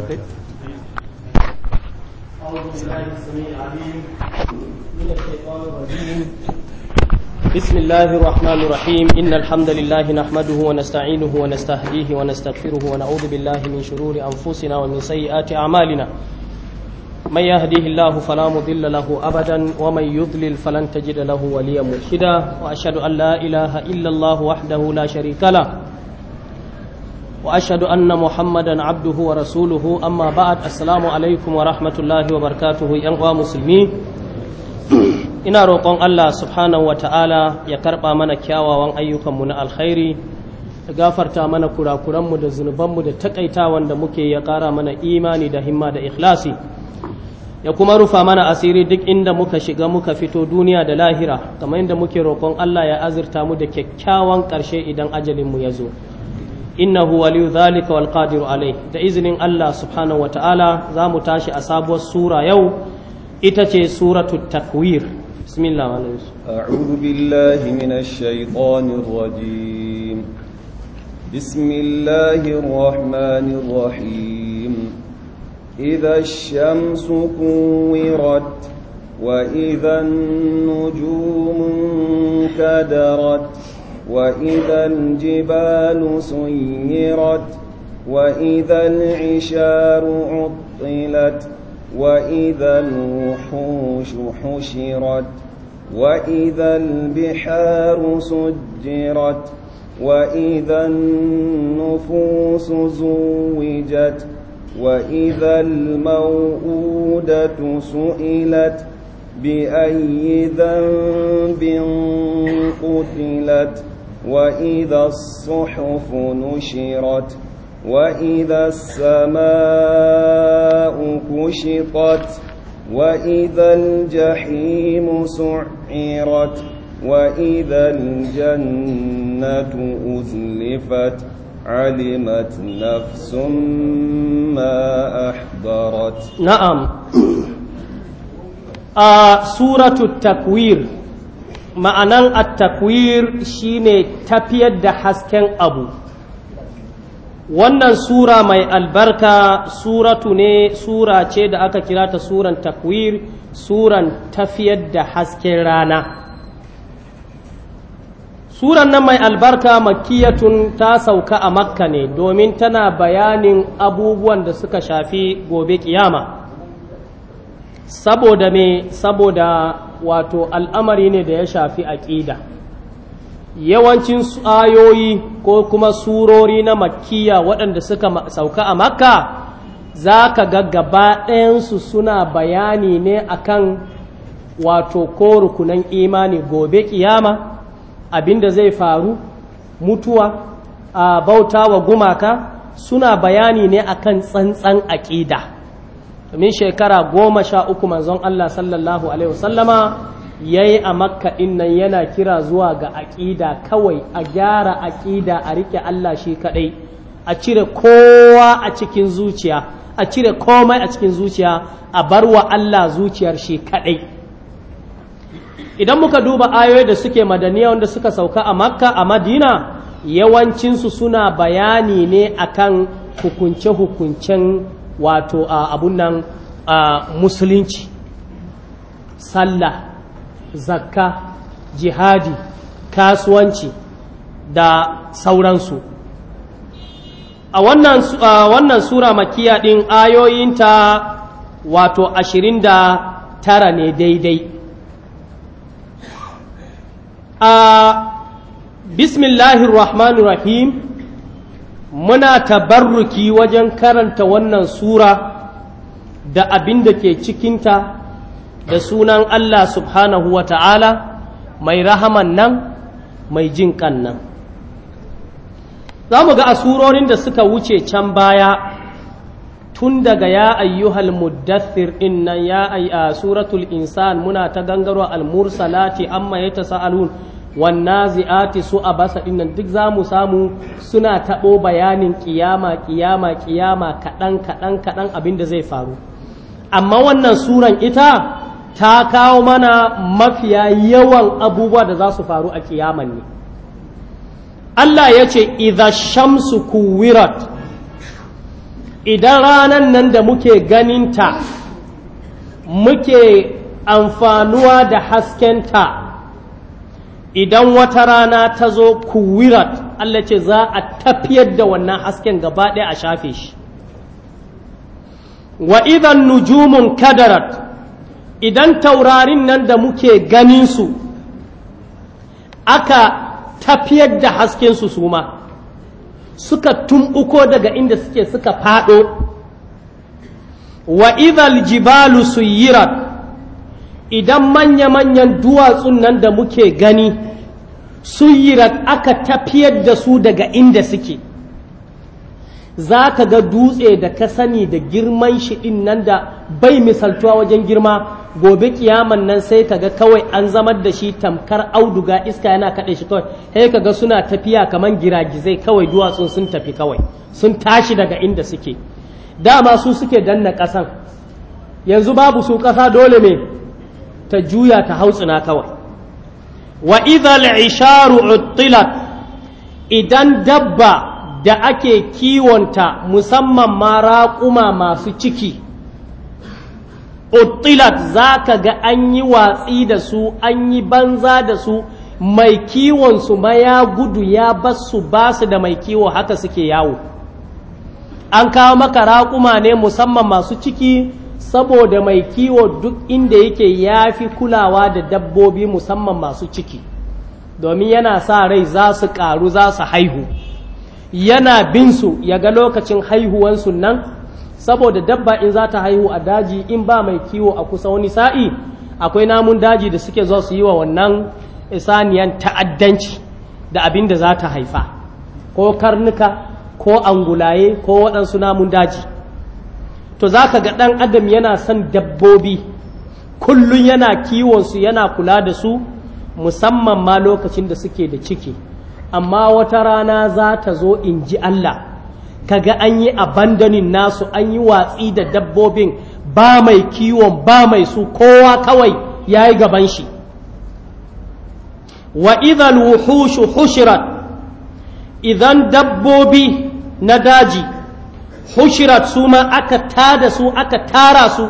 تفضل أعوذ بالله السميع العليم من الشيطان الرجيم بسم الله الرحمن الرحيم إن الحمد لله نحمده ونستعينه ونستهديه ونستغفره ونعوذ بالله من شرور أنفسنا ومن سيئات أعمالنا من يهديه الله فلا مضل له أبدا ومن يضلل فلن تجد له وليا مرشدا وأشهد أن لا إله إلا الله وحده لا شريك له وأشهد أن rasuluhu amma ورسوله asalamu بعد wa عليكم wa barkatuhu yan uwa musulmi ina rokon Allah subhanahu wa ta'ala ya karɓa mana kyawawan ayyukanmu na alkhairi da gafarta mana kurakuranmu da zunubanmu da takaitawan da muke ya ƙara mana imani da himma da ikhlasi ya kuma rufa mana asiri duk inda muka shiga muka fito duniya da lahira kamar inda muke rokon Allah ya azurta mu da kyakkyawan karshe idan ajalinmu ya zo innahu waliyu zalika wal qadiru alai da izinin Allah subhanahu wata'ala za mu tashi a sabuwar sura yau ita ce suratu takwir bismillah a'udhu billahi minash shaitanir rajim bismillahir rahmanir rahim idha ash-shamsu kuwirat wa idha an-nujumu kadarat وإذا الجبال سيرت وإذا العشار عطلت وإذا الوحوش حشرت وإذا البحار سجرت وإذا النفوس زوجت وإذا الموءودة سئلت بأي ذنب قتلت وإذا الصحف نشرت وإذا السماء كشطت وإذا الجحيم سعرت وإذا الجنة أزلفت علمت نفس ما أحضرت نعم آه سورة التكوير ma'anan at-takwir shine tafiyar da hasken abu wannan sura mai albarka suratu ne sura ce da aka kira ta suran takwir suran tafiyar da hasken rana suran nan mai albarka makiyatun ta sauka a makka ne domin tana bayanin abubuwan da suka shafi gobe kiyama saboda me saboda wato al'amari ne da ya shafi aƙida yawancin ayoyi ko kuma surori na makkiya waɗanda suka sauka a makka za ka ga gaba ɗayansu suna bayani ne akan wato ko rukunan imani gobe ƙiyama abinda zai faru mutuwa a bauta wa gumaka suna bayani ne akan tsantsan aƙida domin shekara goma sha uku manzon Allah sallallahu alaihi wasallama ya yi a makka innan yana kira zuwa ga aƙida kawai a gyara aƙida a rike Allah shi kaɗai a cire kowa a cikin zuciya a cire komai a cikin zuciya a bar wa Allah zuciyar shi kaɗai idan muka duba ayoyi da suke madaniya wanda suka sauka a makka a madina yawancinsu suna bayani ne akan hukunce-hukuncen wato a abun nan musulunci sallah zakka jihadi kasuwanci da sauransu a wannan, wannan sura makiya ɗin ayoyinta wato ashirin da tara ne daidai a bismillahirrahmanirrahim muna tabarruki wajen karanta wannan sura da abin da ke cikinta da sunan Allah subhanahu wa ta'ala mai rahaman nan mai jin kan nan za mu ga asurorin da suka wuce can baya tun daga ya ayyuhal muddathir innan ya ayyuhal a suratul insan muna ta gangarwa al-mursalati amma ya sa'alun wannan zi'ati su a basa dinnan duk za mu samu suna taɓo bayanin kiyama-kiyama ƙiyama kaɗan kaɗan kaɗan abin da zai faru amma wannan suran ita ta kawo mana mafiya yawan abubuwa da za su faru a kiyaman ne Allah ya ce idha shamsu kuwirat idan ranan nan da muke ganinta muke amfanuwa da haskenta idan wata rana ta zo kuwirat Allah ce za a tafiyar da wannan hasken gaba ɗaya a shafe shi wa idan nujumun kadarat idan taurarin nan da muke ganinsu aka tafiyar da haskensu su ma suka tumɓuko daga inda suke suka faɗo wa idan jibalu suyirat idan manya-manyan duwatsun nan da muke gani sun suyirat aka tafiyar da su daga inda suke za ka ga dutse da ka sani da girman shi ɗin nan da bai misaltuwa wajen girma gobe kiyaman nan sai ka ga kawai an zamar da shi tamkar auduga iska yana kaɗe shi kawai sai ka ga suna tafiya kamar giragizai kawai duwatsun sun tafi kawai sun tashi daga inda suke dama su suke danna ƙasan yanzu babu su ƙasa dole me ta juya ta hautsina kawai wa idan isharu uttilat idan dabba da ake kiwonta musamman ma raƙuma masu ciki uttilat za ka ga an yi watsi da su an yi banza da su mai kiwonsu ma ya gudu ya basu basu da mai kiwo haka suke yawo an kawo maka raƙuma ne musamman masu ciki saboda mai kiwo duk inda yake ya fi kulawa da dabbobi musamman masu ciki domin yana sa rai za su karu za su haihu yana binsu ya ga lokacin haihuwansu nan saboda dabba in za ta haihu a daji in ba mai kiwo a kusa wani sa'i akwai namun daji da suke zo su yi wa wannan saniyan ta'addanci da abin da za ta haifa ko karnuka ko angulaye ko waɗansu namun daji to za ka ga ɗan adam yana son dabbobi kullum yana kiwonsu yana kula da su musamman ma lokacin da suke da ciki amma wata rana za ta zo in ji Allah ka ga an yi abandonin nasu an yi watsi da dabbobin ba mai kiwon ba mai su kowa kawai ya yi gaban shi wa idan wuhushu hushirat idan dabbobi na daji hushirat su ma aka tada su aka tara su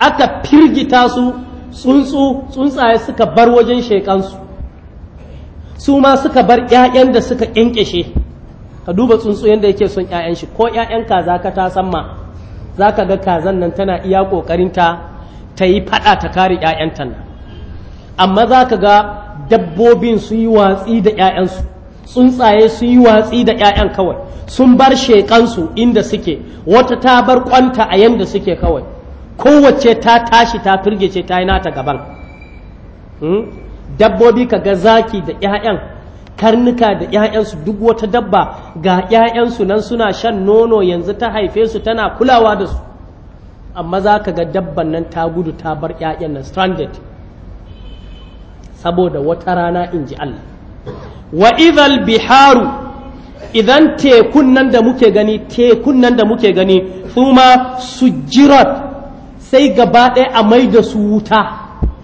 aka firgita su tsuntsu tsuntsaye suka bar wajen shekansu su ma suka bar 'ya'yan da suka ƙyanƙyashe ka duba tsuntsu yadda yake son 'ya'yan shi ko 'ya'yan kaza ka ta san ma za ka ga kazan nan tana iya ƙoƙarin ta yi faɗa ta kare 'ya'yanta ta amma za ka ga dabbobin su yi watsi da 'ya'yansu tsuntsaye sun yi watsi da 'ya'yan kawai sun bar shekansu inda suke wata ta bar kwanta a yanda suke kawai kowace ta tashi ta firgece ta yi nata gaban hmm? dabbobi ka ga zaki da 'ya'yan karnuka da 'ya'yansu duk wata dabba ga 'ya'yansu nan suna shan nono yanzu ta haife su tana kulawa da su amma za ka ga dabban nan ta gudu ta bar 'ya'yan nan stranded saboda wata rana in ji Allah wa idhal biharu idan tekun nan da muke gani tekun nan da muke gani kuma sujirat sai gaba ɗaya a mai da su wuta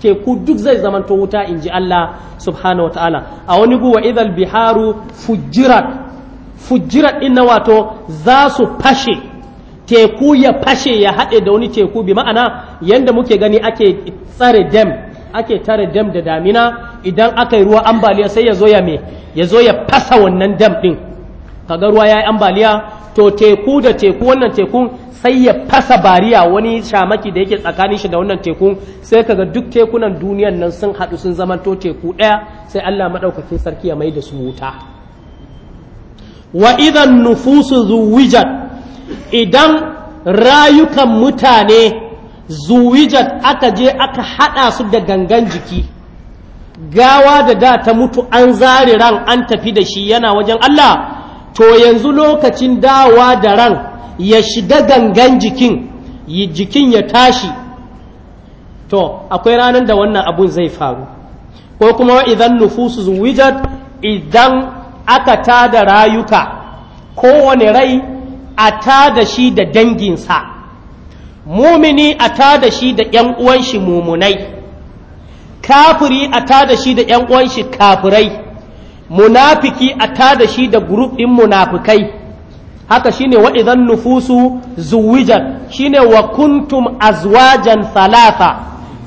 teku duk zai zamanto wuta in ji Allah subhanahu wataala a wani guwa idhal biharu fujirat fujirat din na wato za su fashe teku ya fashe ya haɗe da wani teku bi ma'ana yanda muke gani ake tsare dem. ake tare dam da damina idan aka yi ruwa ambaliya sai ya zo ya me ya zo ya fasa wannan dam ɗin kaga ruwa ya yi ambaliya to teku da teku wannan tekun sai ya fasa bariya wani shamaki da yake tsakanin shi da wannan tekun sai kaga duk tekunan duniyan nan sun haɗu sun to teku ɗaya sai Allah maɗaukakin sarki ya mai da su wuta wa idan nufusu zuwijat idan rayukan mutane zuwijat aka je aka haɗa su da gangan jiki gawa da da ta mutu an zare ran an tafi da shi yana wajen Allah to yanzu lokacin dawa da ran ya shiga gangan jikin yi jikin ya tashi to akwai ranar da wannan abun zai faru ko kuma idan nufusu zuwijat idan aka tada rayuka kowane rai a ta da shi da danginsa mumini a tada shi da ‘yan uwanshi mumunai, kafiri a tada shi da ‘yan uwanshi kafirai, munafiki a da shi da ɗin munafikai, haka shine wa idan nufusu zuwijan ne wa kuntum azwajan thalatha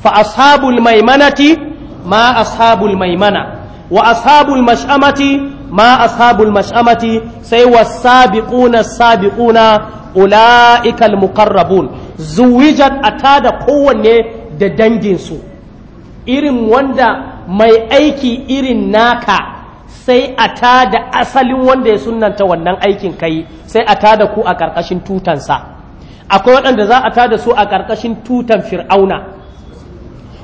fa ashabul maimanati ma ashabul maimana wa ashabul mash'amati ma ashabul mash'amati sai wa sabiquna sabiquna ulaikal muqarrabun Zuwijar a tada kowanne da danginsu irin wanda mai aiki irin naka sai a tada asalin wanda ya sunanta wannan aikin kai sai a tada ku a ƙarƙashin tutansa akwai waɗanda za a tada su a ƙarƙashin tutan fir'auna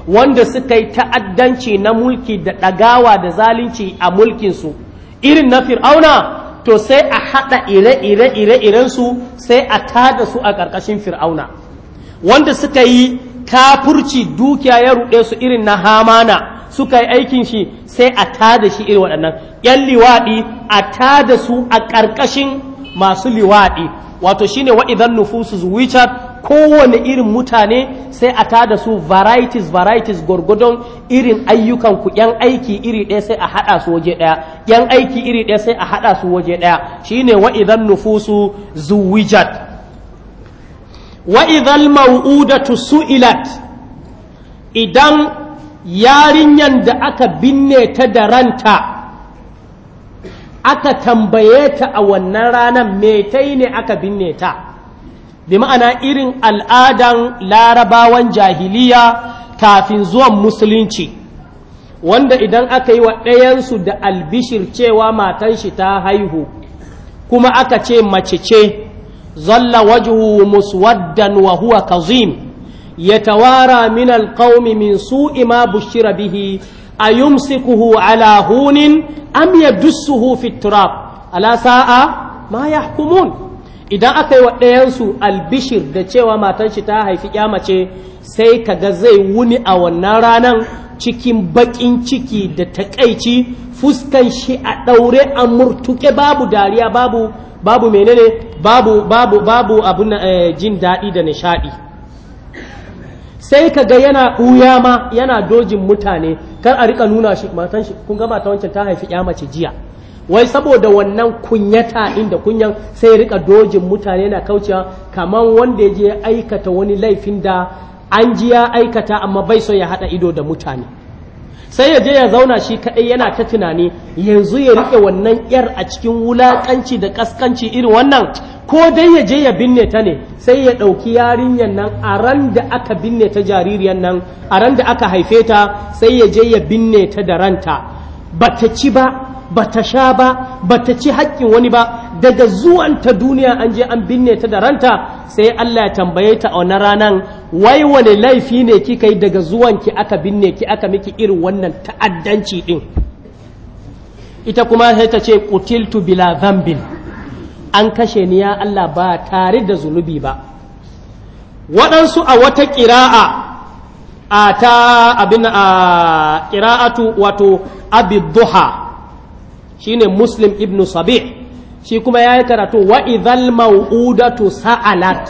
wanda suka yi ta'addanci na mulki da ɗagawa da zalunci a mulkinsu irin na fir'auna to sai a haɗa ire-ire ire-irensu sai a tada su a ƙarƙashin fir'auna wanda suka yi kafurci dukiya ya ruɗe su irin na hamana suka yi aikin shi sai a tada shi irin waɗannan ‘yan liwaɗi a tada su a ƙarƙashin masu liwaɗi wato shine idan nufusu zuwicar kowane irin mutane sai a tada su varieties varieties gwargwadon irin ayyukan ku yan aiki iri ɗaya sai a haɗa su waje ɗaya yan aiki iri ɗaya sai a haɗa su waje ɗaya shine wa idan nufusu zuwijat wa idan mau'udatu su'ilat idan yarinyan da aka binne ta da ranta aka tambaye ta a wannan ranar metai ne aka binne ta bi ma'ana irin al'adan larabawan jahiliya kafin zuwan musulunci wanda idan aka yi wa ɗayansu da albishir cewa matan shi ta haihu kuma aka ce mace ce zalla wajhu muswaddan wa huwa kazim tawara min alqaumi min su'i ma bushira bihi ayumsikuhu ala hunin am yadussuhu fi turab ala sa'a ma yahkumun idan aka yi wa ɗayansu albishir da cewa matar shi ta haifi ƙyamace sai kaga zai wuni a wannan ranar cikin baƙin ciki da takaici fuskan shi a ɗaure a murtuke babu dariya babu babu menene babu babu babu abin eh, jin daɗi da nishaɗi sai kaga yana ɓuya ma yana dojin mutane kar a riƙa nuna shi matan shi kun gama mata wancan ta haifi ƙyamace jiya wai saboda wannan kunyata inda kunyan sai rika dojin mutane na kaucewa kamar wanda ya je aikata wani laifin da an ji ya aikata amma bai so ya haɗa ido da mutane sai ya je ya zauna shi kaɗai yana ta tunani yanzu ya rike wannan yar a cikin wulakanci da ƙasƙanci irin wannan ko dai ya je ya binne ta ne sai ya ɗauki yarinyar nan a ran da aka binne ta jaririyar nan a ran da aka haife ta sai ya je ya binne ta da ranta ba ta ci ba ba ta sha ba ba ta ci haƙƙin wani ba daga ta duniya an je an binne ta da ranta sai Allah ya tambaye ta a ranan wai wani laifi ne kika yi daga zuwan ki aka binne ki aka miki irin wannan ta'addanci din ita kuma sai ta ce qutiltu bila zambin an kashe ni ya Allah ba tare da zunubi ba waɗansu a wata ƙira'a a ta abin a ƙira'atu wato abid duha shine muslim ibn sabih shi kuma ya yi karatu wa idhal mau'udatu sa'alat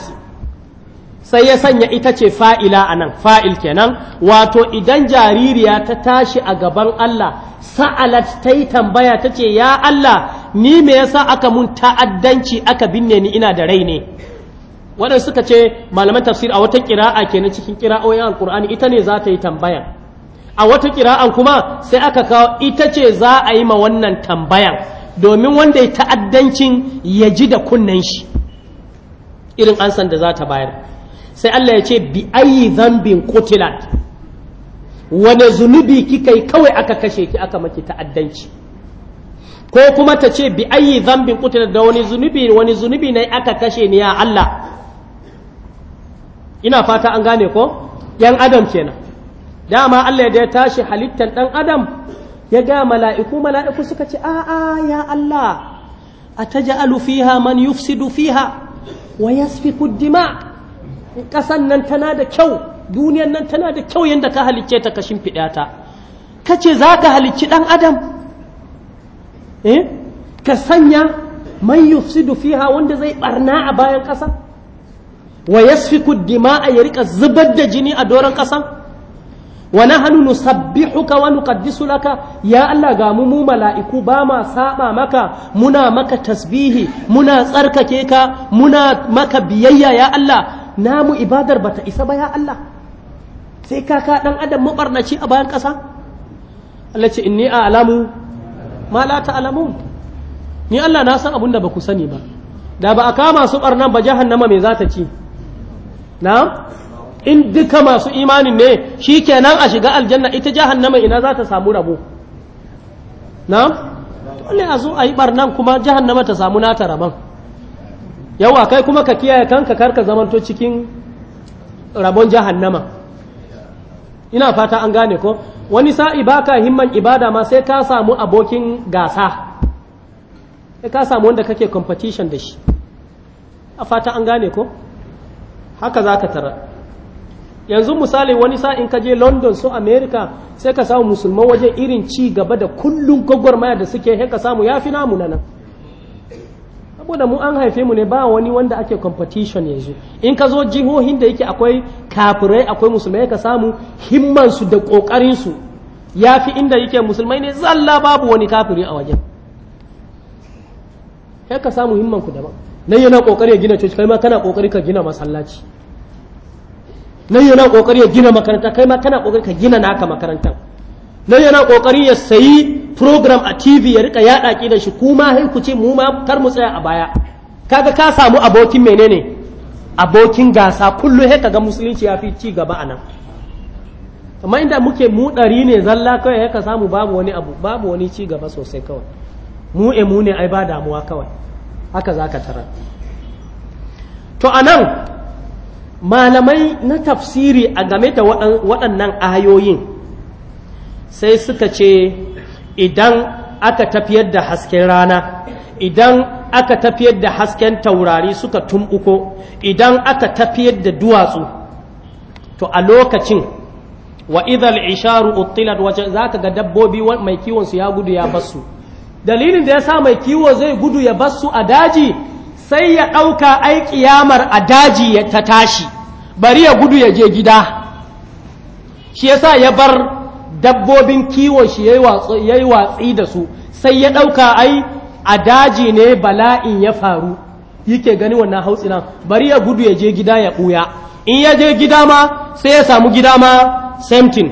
sai ya sanya ita ce fa'ila a nan fa'il kenan wato idan jaririya ta tashi a gaban Allah sa'alat ta yi tambaya ta ce ya Allah ni me yasa aka mun ta'addanci aka binne ni ina da rai ne waɗansu suka ce malaman tafsir a wata ƙira'a kenan cikin ƙira'o'in alƙur'ani ita ne za ta yi tambaya a wata kira'an kuma sai aka kawo ita ce za a yi ma wannan tambayan domin wanda ya ta'addancin ya ji da kunnen shi irin ansan da za ta bayar sai Allah ya ce bi ayi zambin kutilat wane zunubi kika yi kawai aka kashe ki aka maki ta'addanci ko kuma ta ce bi ayi zambin kutilat da wani zunubi wani zunubi ne aka kashe ni ya Allah ina fata an gane ko yan adam kenan dama Allah da ya tashi halittar ɗan adam ya ga mala'iku mala'iku suka ce a'a ya Allah a ta alufiha fiha man yufsidu fiha wa yasfiku dima ƙasan nan tana da kyau duniyan nan tana da kyau yadda ka halicce ta kashin fiɗa ka ce za ka halicci ɗan adam eh ka sanya man yufsidu fiha wanda zai barna a bayan ƙasa wa yasfiku dima a ya rika zubar da jini a doron ƙasan wa nahnu nusabbihuka wa nuqaddisu laka ya Allah ga mu mu mala'iku ba ma saba maka muna maka tasbihi muna tsarkake ka muna maka biyayya ya Allah namu ibadar bata isa ba ya Allah sai ka ka dan adam mabarnaci a bayan ƙasa Allah ce inni a'lamu ma la ta'lamun ni Allah na san abunda ba ku sani ba da ba a kama su barnan ba jahannama me za ta ci na'am in duka masu imanin ne shi kenan a shiga aljanna ita jahannama ina za ta samu rabo na dole a zo a yi barnan kuma jahannama ta samu nata rabon yawa kai kuma ka kiyaye kanka karka zamanto cikin rabon jahannama ina fata an gane ko wani sa'i baka himman ibada ma sai ka samu abokin gasa sai ka samu wanda kake competition da shi a fata an gane ko haka za ka tara yanzu misali wani sa'in ka je london su america sai ka samu musulman wajen irin ci gaba da kullum gwagwarmaya da suke ka samu ya fi namu na nan saboda mu an haife mu ne ba wani wanda ake competition yanzu in ka zo jihohin da yake akwai kafirai akwai musulmai ka samu himmansu da kokarinsu ya fi inda yake musulmai ne zalla babu wani kafiri a wajen sai ka samu himmanku daban nan yana kokari ya gina coci kai ma kana kokari ka gina masallaci nan yana kokari ya gina makaranta kai ma kana kokari ka gina naka makarantar nan yana kokari ya sayi program a TV ya rika yaɗa ki da shi kuma sai ku ce mu ma kar mu tsaya a baya kaga ka samu abokin menene abokin gasa kullum sai kaga musulunci ya fi ci gaba a nan amma inda muke mu ɗari ne zalla kawai ya ka samu babu wani abu babu wani ci gaba sosai kawai mu e mu ne ai ba damuwa kawai haka za ka tarar to anan malamai na tafsiri a game da waɗannan ayoyin sai suka ce idan aka tafiyar da hasken rana idan aka tafiyar da hasken taurari suka tumbuko idan aka tafiyar da duwatsu to a lokacin wa idhal isharu uttilat za ka ga dabbobi mai kiwon su ya gudu ya basu dalilin da yasa mai kiwo zai gudu ya basu a daji sai ya ɗauka ai kiyamar a daji ya ta tashi bari ya gudu ya je gida shi yasa ya bar dabbobin kiwon shi ya yi watsi da su sai ya ɗauka ai a daji ne bala'in ya faru yake gani wannan hautsinan bari ya gudu ya je gida ya ɓuya in ya je gida ma sai ya samu gida ma samtin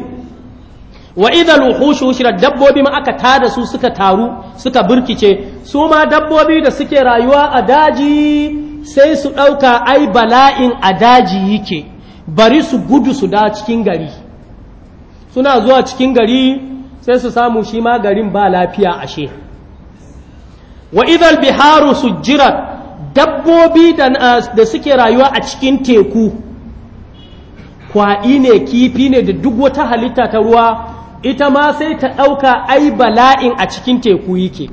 wa idan wuhushu shirar dabbobi ma aka tada su suka taru suka birkice su ma dabbobi da suke rayuwa a daji sai su ɗauka ai bala'in a daji yake bari su gudu su da cikin gari suna zuwa cikin gari sai su samu shi ma garin ba lafiya ashe wa idal biharu sujjirat dabbobi ah, da suke rayuwa a cikin teku kwaɗi ne kifi ne da duk wata halitta ta ruwa ita ma sai ta ɗauka ai bala'in a cikin teku yake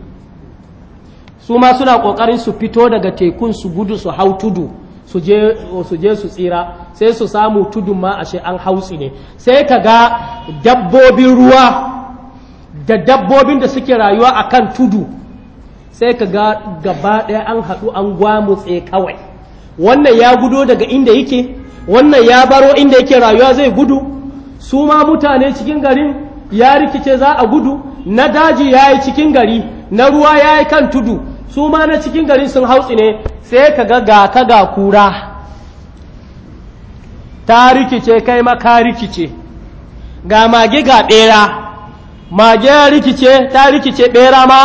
su ma suna kokarin su fito daga tekun su gudu su hau tudu su je su tsira sai su samu tudun ma ashe an hautsi ne sai ka ga dabbobin ruwa da dabbobin da suke rayuwa a kan tudu sai ka ga gaba ɗaya an haɗu an gwamutse kawai wannan ya gudo daga inda yake wannan ya baro inda yake rayuwa zai gudu su ma mutane cikin garin ya rikice za a gudu na daji ya yi cikin gari na ruwa ya yi kan tudu su ma na cikin gari sun hautsi ne sai ka ga ga ka ga kura ta rikice kai ma ka rikice ga mage ga bera mage ya rikice ta rikice bera ma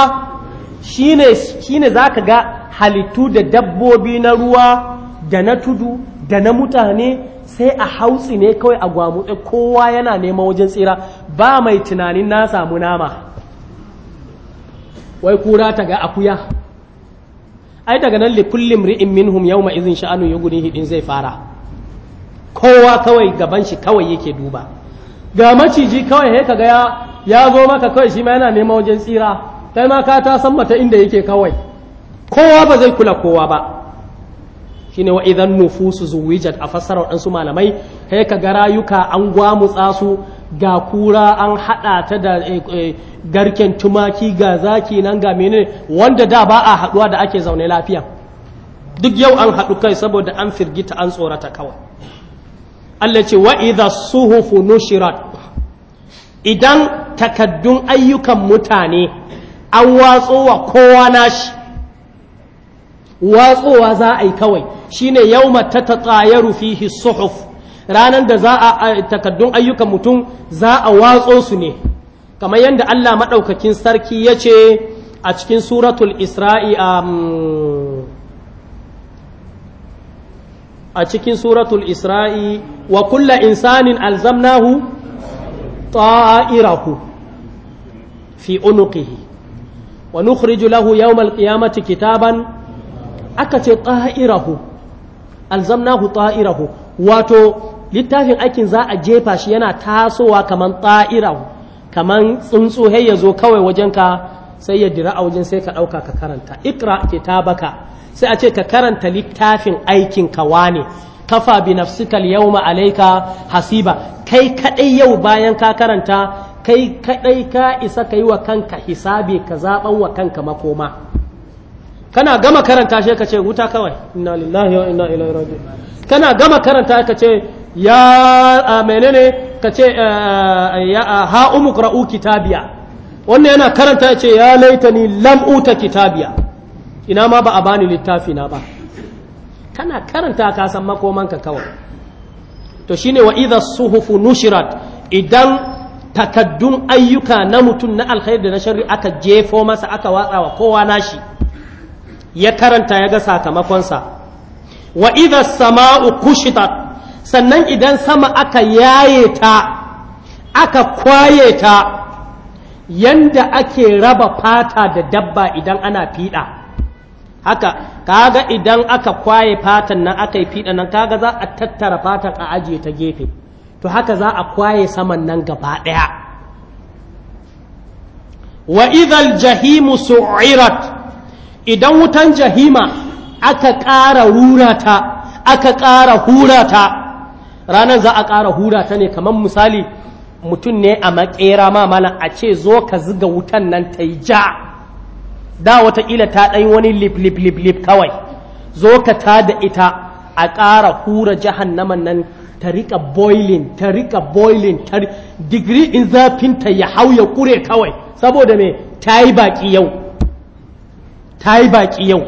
shine shine zaka ga halittu da dabbobi na ruwa da na tudu da na mutane sai a hautsi ne kawai a gwamutse kowa yana neman wajen tsira ba mai tunanin na samu nama wai kura ta ga akuya ai daga nan li kulli mri'in minhum yawma idhin sha'anun yughnihi din zai fara kowa kawai gaban shi kawai yake duba ga maciji kawai he kaga ya ya zo maka kawai shi ma yana neman wajen tsira kai ma ka ta san mata inda yake kawai kowa ba zai kula kowa ba shine wa idan nufusu zuwijat a fassarar ɗansu malamai he kaga rayuka an gwamutsa su ga kura an haɗa ta da eh, eh, garken tumaki ga zaki nan ga mene wanda da ba a haɗuwa da ake zaune lafiya duk yau an haɗu kai saboda an firgita an tsorata kawai Allah ce wa idha suhufu nushirat idan takaddun ayyukan mutane an watsowa kowa nashi watsowa za a yi kawai shine yawma tatatsayaru fihi suhuf ranar da za a takaddun ayyukan mutum za a watso su ne kamar yadda Allah maɗaukakin sarki ya ce a cikin suratul isra'i um, a cikin suratul isra'i wa kulla insanin alzamnahu ta'irahu fi unuqihi wa nukhriju lahu yawmal qiyamati kitaban aka ce ta'irahu alzamnahu ta'irahu wato littafin aikin za a jefa shi yana tasowa kamar ta'ira kamar tsuntsu har ya zo kawai wajenka sai ya dira a wajen sai ka ɗauka ka karanta ikra ke ta baka sai a ce ka karanta littafin aikin ka wane kafa bi nafsika yawma alayka hasiba kai kadai yau bayan ka karanta kai kadai ka isa kai wa kanka hisabi ka zaban wa kanka makoma kana gama karanta shi ka ce wuta kawai inna lillahi wa inna ilaihi raji'un kana gama karanta ka ce ya menene ka ce ha umukra'u kitabiya wannan yana karanta ya ce ya laitani lam'uta kitabiya ina ma ba a bani littafi na ba kana karanta ka san makomanka kawai to shine wa idha suhufu nushirat idan takaddun ayyuka na mutum na alkhairi da na sharri aka jefo masa aka watsa wa kowa nashi ya karanta ya ga sakamakonsa wa idha sama'u kushitat sannan idan sama aka yaye ta aka kwaye ta yanda ake raba fata da dabba idan ana fiɗa haka kaga idan aka kwaye fatan nan aka yi fiɗa nan kaga za a tattara fatan a ajiye ta gefe to haka za a kwaye saman nan gaba ɗaya wa idhal jahimu su'irat idan wutan jahima aka ƙara rurata aka ƙara hurata ranar za a ƙara hura ta ne kamar misali mutum ne a maƙera ma malam a ce zo ka ziga wutan nan ta yi ja da wataƙila ta ɗan wani lip lip lip kawai zo ka ta da ita a ƙara hura jahannaman nan ta riƙa boiling ta riƙa boiling ta digiri in zafin ta ya hau ya ƙure kawai saboda me ta yi baƙi yau ta yi baƙi yau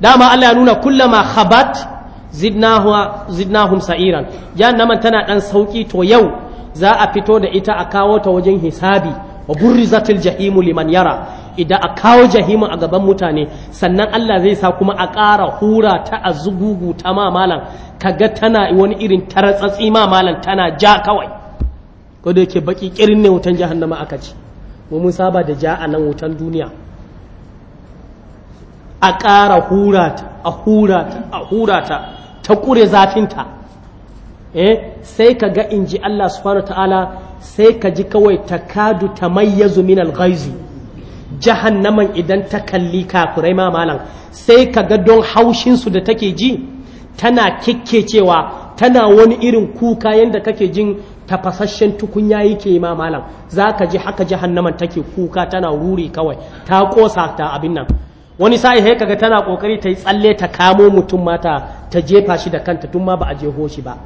dama Allah ya nuna kullama khabat zidnahum sa'iran naman tana ɗan sauki to yau za a fito da ita a kawo ta wajen hisabi wa burrizatil jahimu liman yara idan a kawo jahimu a gaban mutane sannan Allah zai sa kuma a ƙara hura ta a zugugu ta mamalan kaga tana wani irin taratsatsi mamalan tana ja kawai ko yake baki kirin ne wutan jahannama aka ci mu mun saba da ja a nan wutan duniya a ƙara hura a hura ta a hura ta ta ƙure zafinta eh sai ka ga inji Allah subhanahu ta'ala sai ka ji kawai ta kadu ta mayyazu min alghaizi jahannaman idan ta kalli kafurai ma malam sai ka ga don su da take ji tana cewa tana wani irin kuka yanda kake jin tafasasshen tukunya yake ma malam zaka ji haka jahannaman take kuka tana ruri kawai ta kosa ta abin nan wani sa'i sai kaga tana kokari ta yi tsalle ta kamo mutum mata ta jefa shi da kanta tun ma ba a jeho shi ba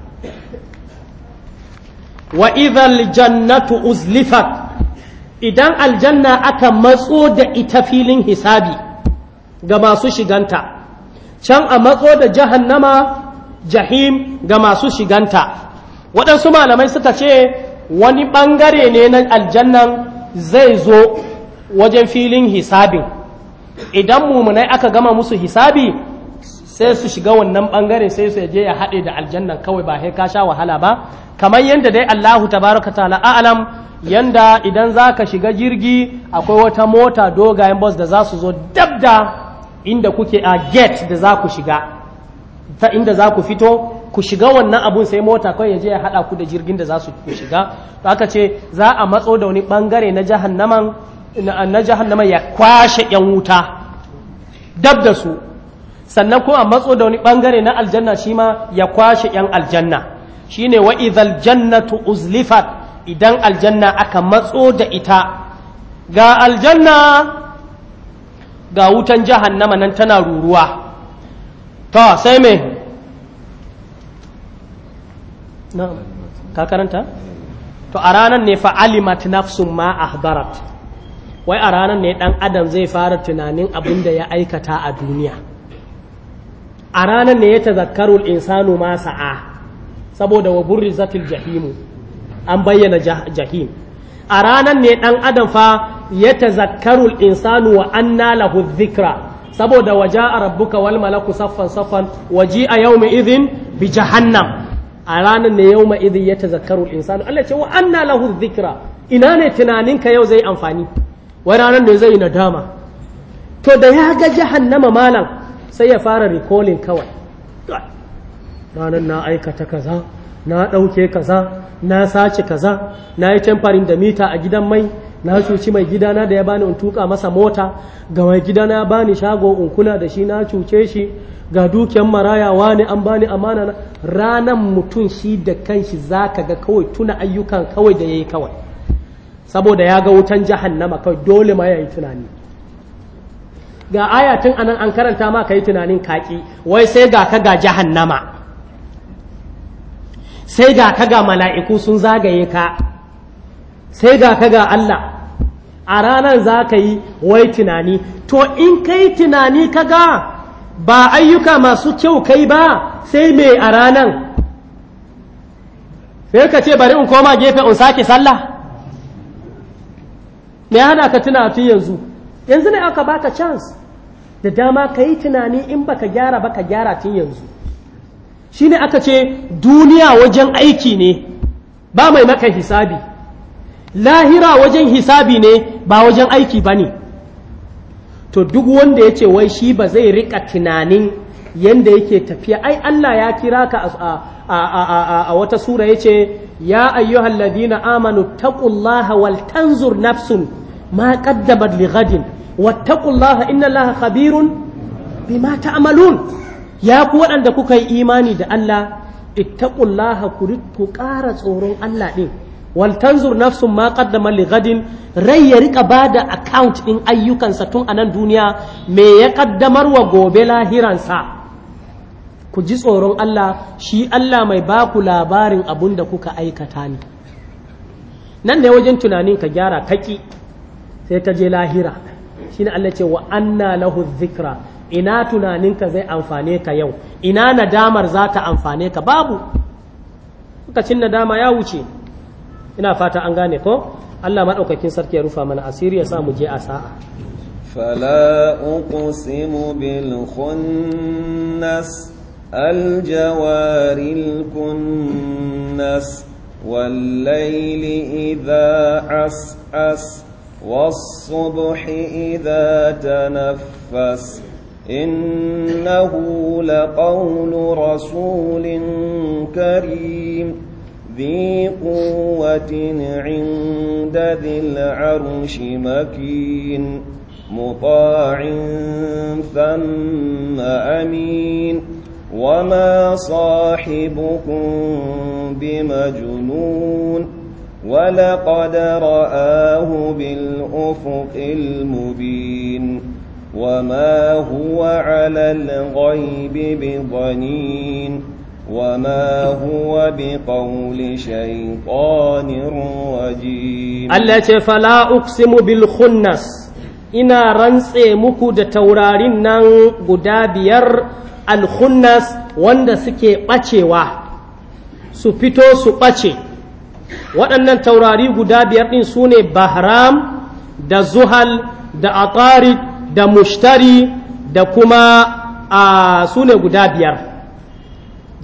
wa idhal jannatu uzlifat idan aljanna aka matso da ita filin hisabi ga masu shiganta can a matso da jahannama jahim ga masu shiganta waɗansu malamai suka ce wani ɓangare ne na aljannan zai zo wajen filin hisabin idan mumunai aka gama musu hisabi sai su shiga wannan bangare sai su je ya haɗe da aljannan kawai ba sai ka sha wahala ba kamar yadda dai Allahu tabaraka ta'ala a'lam yanda idan za ka shiga jirgi akwai wata mota dogayen bus da za su zo dab da inda kuke a gate da za ku shiga ta inda za ku fito ku shiga wannan abun sai mota kawai ya je ya haɗa ku da jirgin da za su shiga to aka ce za a matso da wani bangare na jahannaman na jahannama ya kwashe yan wuta dab da su sannan kuma matso da wani bangare na aljanna shi ma ya kwashe yan aljanna shi ne wa idhal jannatu uzlifat idan aljanna aka matso da ita ga aljanna ga wutan jahannama nan tana ruruwa to sai me na to a ranar ne fa'alimat nafsun ma ahdarat wai a ranar ne ɗan adam zai fara tunanin abin da ya aikata a duniya a ranar ne ya tazakkarul insanu ma sa'a saboda wa burrizatil jahimu an bayyana jahim a ranar ne ɗan adam fa ya tazakkarul insanu wa anna lahu dhikra saboda waje a rabbuka wal malaku saffan saffan waji a yau mai izin bi jahannam a ranar ne yau mai izin ya tazakkarul insanu Allah ce wa anna lahu dhikra ina ne tunaninka yau zai amfani wai ranar ne zai nadama to da ya ga jahannama malam sai ya fara recalling kawai ranar na aikata kaza na ɗauke kaza na sace kaza na yi tamfarin da mita a gidan mai na cuci mai gidana da ya bani in tuka masa mota ga mai gidana ya bani shago in kula da shi na cuce shi ga dukiyan maraya wani an bani amana ranan mutum shi da kanshi zaka ga kawai tuna ayyukan kawai da yayi kawai saboda ya ga wutan jahannama kawai dole ma ya yi tunani ga ayatin anan an karanta ma ka yi tunanin kaki wai sai ga ka ga jahannama sai ga ka ga mala'iku sun zagaye ka sai ga ka ga Allah a ranar za ka yi wai tunani to in ka yi tunani ka ga ba ayyuka masu kyau kai ba sai mai a ranar sai ka ce bari in koma gefe in sake sallah me hana ka tuna tun yanzu yanzu ne aka baka chance da dama ka yi tunani in baka gyara baka gyara tun yanzu shine aka ce duniya wajen aiki ne ba mai maka hisabi lahira wajen hisabi ne ba wajen aiki ba ne to duk wanda ya ce wai shi ba zai rika tunanin yanda yake tafiya ai Allah ya kira ka a wata sura yace ya ayyuhal ladina amanu taqullaha wal tanzur nafsun ma qaddamat lighadin wattaqullaha innallaha khabirun bima ta'malun ya ku waɗanda kuka yi imani da Allah ittaqullaha ku ƙara tsoron Allah din wal tanzur nafsun ma qaddama li rai ya rika bada account din ayyukansa tun a nan duniya me ya kaddamar wa gobe lahiransa ku ji tsoron Allah shi Allah mai ba ku labarin abun da kuka aikata ne nan ne wajen tunanin ka gyara kaki sai ka je lahira shi ne Allah ce wa anna lahu zikra ina tunaninka zai amfane ka yau ina nadamar za ta amfane ka babu lokacin nadama ya wuce ina fata an gane ko Allah maɗaukakin sarki ya rufa mana asiri ya sa mu je a sa'a fala الجوار الكنس والليل إذا عسعس والصبح إذا تنفس إنه لقول رسول كريم ذي قوة عند ذي العرش مكين مطاع ثم أمين وما صاحبكم بمجنون ولقد رآه بالأفق المبين وما هو على الغيب بضنين وما هو بقول شيطان رجيم التي فلا أقسم بالخنس ina rantse muku da taurarin nan guda biyar alkhunnas wanda suke ɓacewa su fito su ɓace waɗannan taurari guda biyar ɗin su ne bahram da zuhal da atarid da mushtari da kuma a su ne guda biyar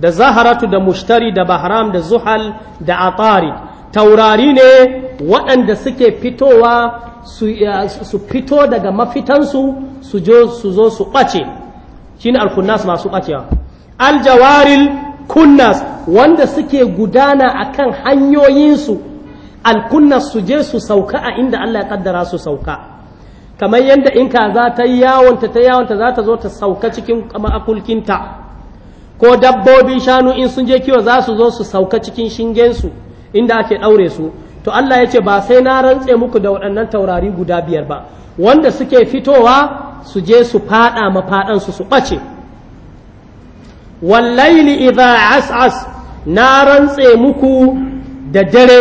da zaharatu da mushtari da bahram da zuhal da atarid taurari ne waɗanda suke fitowa su fito daga mafitansu su zo su ɓace shine alkunnas masu bacewa aljawaril kunnas wanda suke gudana a kan hanyoyinsu alkunnas su je su sauka a inda Allah ya kaddara su sauka kamar yadda in kaza ta yawonta ta yawonta za ta zo ta sauka cikin ma'akulkinta ko dabbobin shanu in sun je kiwo za su zo su sauka cikin shingensu inda ake ɗaure su to Allah ya ce ba sai na rantse muku da waɗannan taurari guda biyar ba wanda suke fitowa su je su fada mafaɗansu su ɓace wallaili idha as'as na rantse muku da dare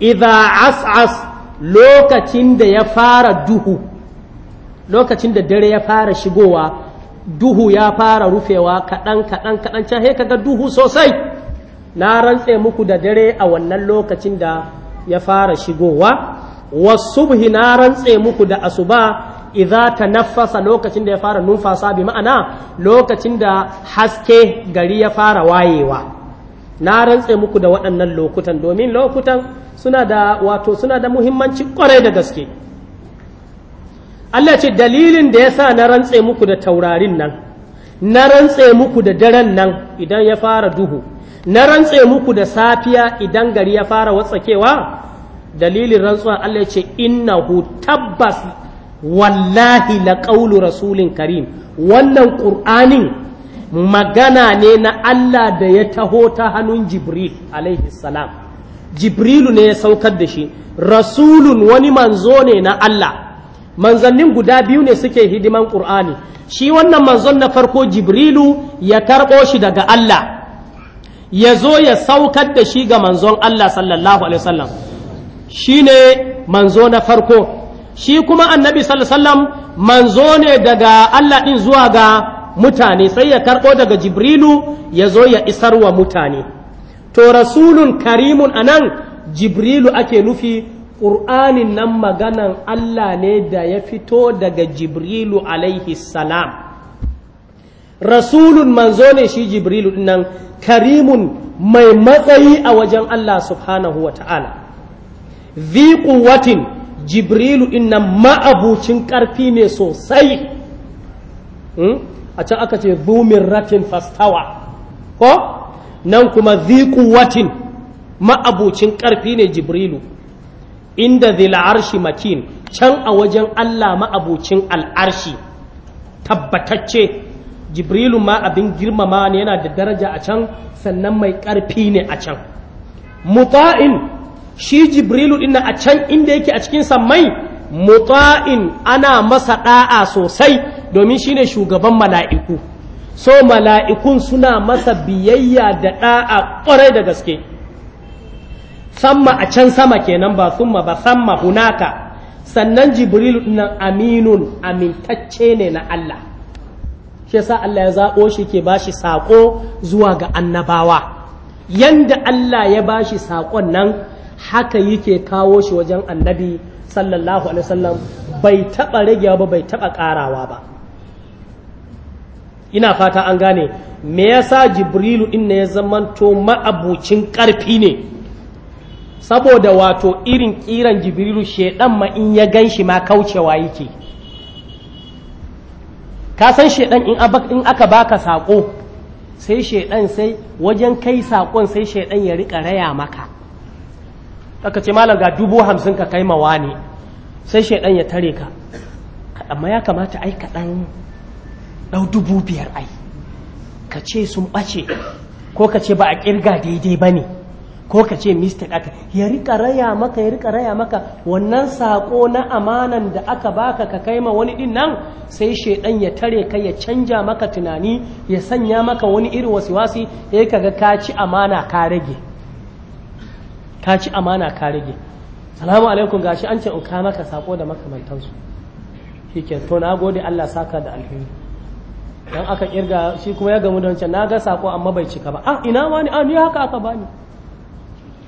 idha as'as lokacin da ya fara duhu lokacin da dare ya fara shigowa duhu ya fara rufewa kaɗan kaɗan kaɗan can kaga duhu sosai na rantse muku da dare a wannan lokacin da ya fara shigowa wasu na rantse muku da asuba idza nafasa lokacin da ya fara numfasa bi ma'ana lokacin da haske gari ya fara wayewa na rantse muku da waɗannan lokutan domin lokutan suna da wato suna da muhimmanci kwarai da gaske Allah ce dalilin da ya sa na rantse muku da taurarin nan na rantse muku da daren nan idan ya fara duhu na rantse muku da safiya idan gari ya fara watsakewa dalilin rantsuwa Allah ya ce innahu tabbas wallahi la ƙaulu rasulin karim wannan ƙur'anin magana ne na Allah da ya taho ta hannun jibril alaihi salam jibrilu ne ya saukar da shi rasulun wani manzo ne na Allah manzannin guda biyu ne suke hidiman ƙur'ani shi wannan manzon na farko jibrilu ya karɓo shi daga Allah ya zo ya saukar da shi ga manzon Allah sallallahu alaihi wasallam shi ne manzo na farko shi kuma annabi sallallahu manzo ne daga Allah ɗin zuwa ga mutane sai ya karɓo daga jibrilu ya zo ya isar wa mutane to rasulun karimun anan jibrilu ake nufi ƙur'anin nan maganan Allah ne da ya fito daga jibrilu alaihi salam rasulun manzo ne shi jibrilu nan karimun mai matsayi a wajen Allah subhanahu wa ta'ala ذي watin jibrilu innan ma'abucin ƙarfi ne sosai hmm? a can aka ce zumin ratin fastawa ko nan kuma zikuwatin ma'abucin ƙarfi ne jibrilu inda zil'arshi makin can a wajen allah ma'abucin al'arshi tabbatacce jibrilu ma abin girmama ne yana da daraja a can sannan mai ƙarfi ne a can muta'in shi jibrilu din a can inda yake a cikin sammai muta'in ana masa da'a sosai domin shi ne shugaban mala'iku so mala'ikun suna masa biyayya da da'a kwarai da gaske samma a can sama kenan ba summa ba samma hunaka sannan jibrilu dinnan aminun amintacce ne na Allah shi yasa Allah ya zaɓo shi ke bashi sako zuwa ga annabawa yanda Allah ya bashi saƙon nan haka yake kawo shi wajen annabi sallallahu alaihi wasallam bai taɓa ragewa ba bai taɓa ƙarawa ba ina fata an gane me yasa jibrilu din ne ya zamanto ma'abucin ƙarfi ne saboda wato irin kiran jibrilu shedan ma in ya ganshi ma kaucewa yake ka san shedan in aka baka sako sai shedan sai wajen kai sakon sai shedan ya rika raya maka aka ce malam ga dubu hamsin ka kai mawa ne sai shaidan ya tare ka amma ya kamata ai ka dan dau dubu biyar ai ka ce sun bace ko ka ce ba a kirga daidai ba ne ko ka ce mista aka ya rika raya maka ya rika raya maka wannan sako na amanan da aka baka ka kai ma wani din nan sai shaidan ya tare ka ya canja maka tunani ya sanya maka wani irin wasiwasi ya kaga ka ci amana ka rage ka ci amana ka rage salamu alaikum gashi an ce in ka maka sako da makamantansu shike to na gode Allah saka da alheri dan aka kirga shi kuma ya gamu don can na ga sako amma bai cika ba ah ina wani ah ni haka aka bani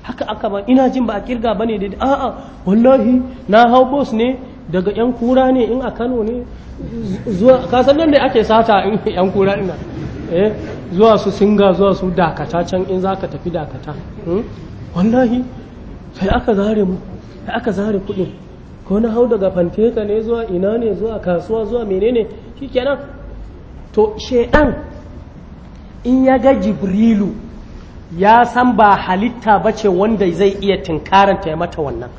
haka aka bani ina jin ba a kirga bane da a'a wallahi na hau bus ne daga yan kura ne in a Kano ne zuwa ka san nan da ake sata in yan kura ina eh zuwa su singa zuwa su dakata can in zaka tafi dakata hmm? wallahi sai aka zare mu sai aka zare kuɗin ko na hau daga fanteka ne zuwa ina ne zuwa kasuwa zuwa menene shikenan to shedan in ya ga jibrilu ya san ba halitta ba ce wanda zai iya tinkaran ya mata wannan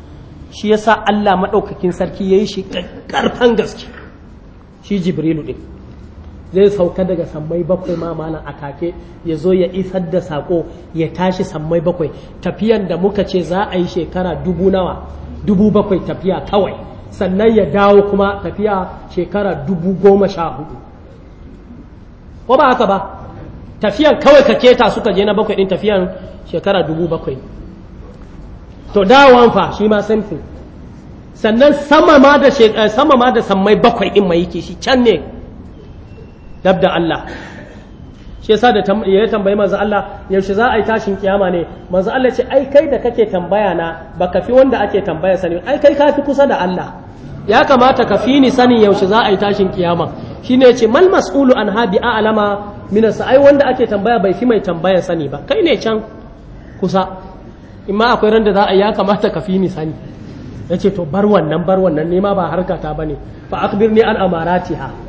shi yasa Allah maɗaukakin sarki ya yi shi ƙarfan gaske shi jibrilu ɗin zai sauka daga sammai bakwai ma malam a ya zo ya isar da sako ya tashi sammai bakwai tafiyan da muka ce za a yi shekara dubu nawa dubu bakwai tafiya kawai sannan ya dawo kuma tafiya shekara dubu goma sha hudu ko ba haka ba tafiyan kawai ka keta suka je na bakwai din tafiyan shekara dubu bakwai to dawon fa shi ma sannan sama ma da sammai bakwai in mai yake shi can ne Dabda Allah shi yasa da ya tambayi manzo Allah yaushe za a yi tashin kiyama ne manzo Allah ce ai kai da kake tambaya na baka fi wanda ake tambaya sani ai kai kafi kusa da Allah ya kamata ka fi ni sani yaushe za a yi tashin kiyama shine yace mal mas'ulu an habi a alama minasa ai wanda ake tambaya bai fi mai tambaya sani ba kai ne can kusa imma akwai ran da za a ya kamata ka fi ni sani yace to bar wannan bar wannan nema ba harkata bane fa birni an amaratiha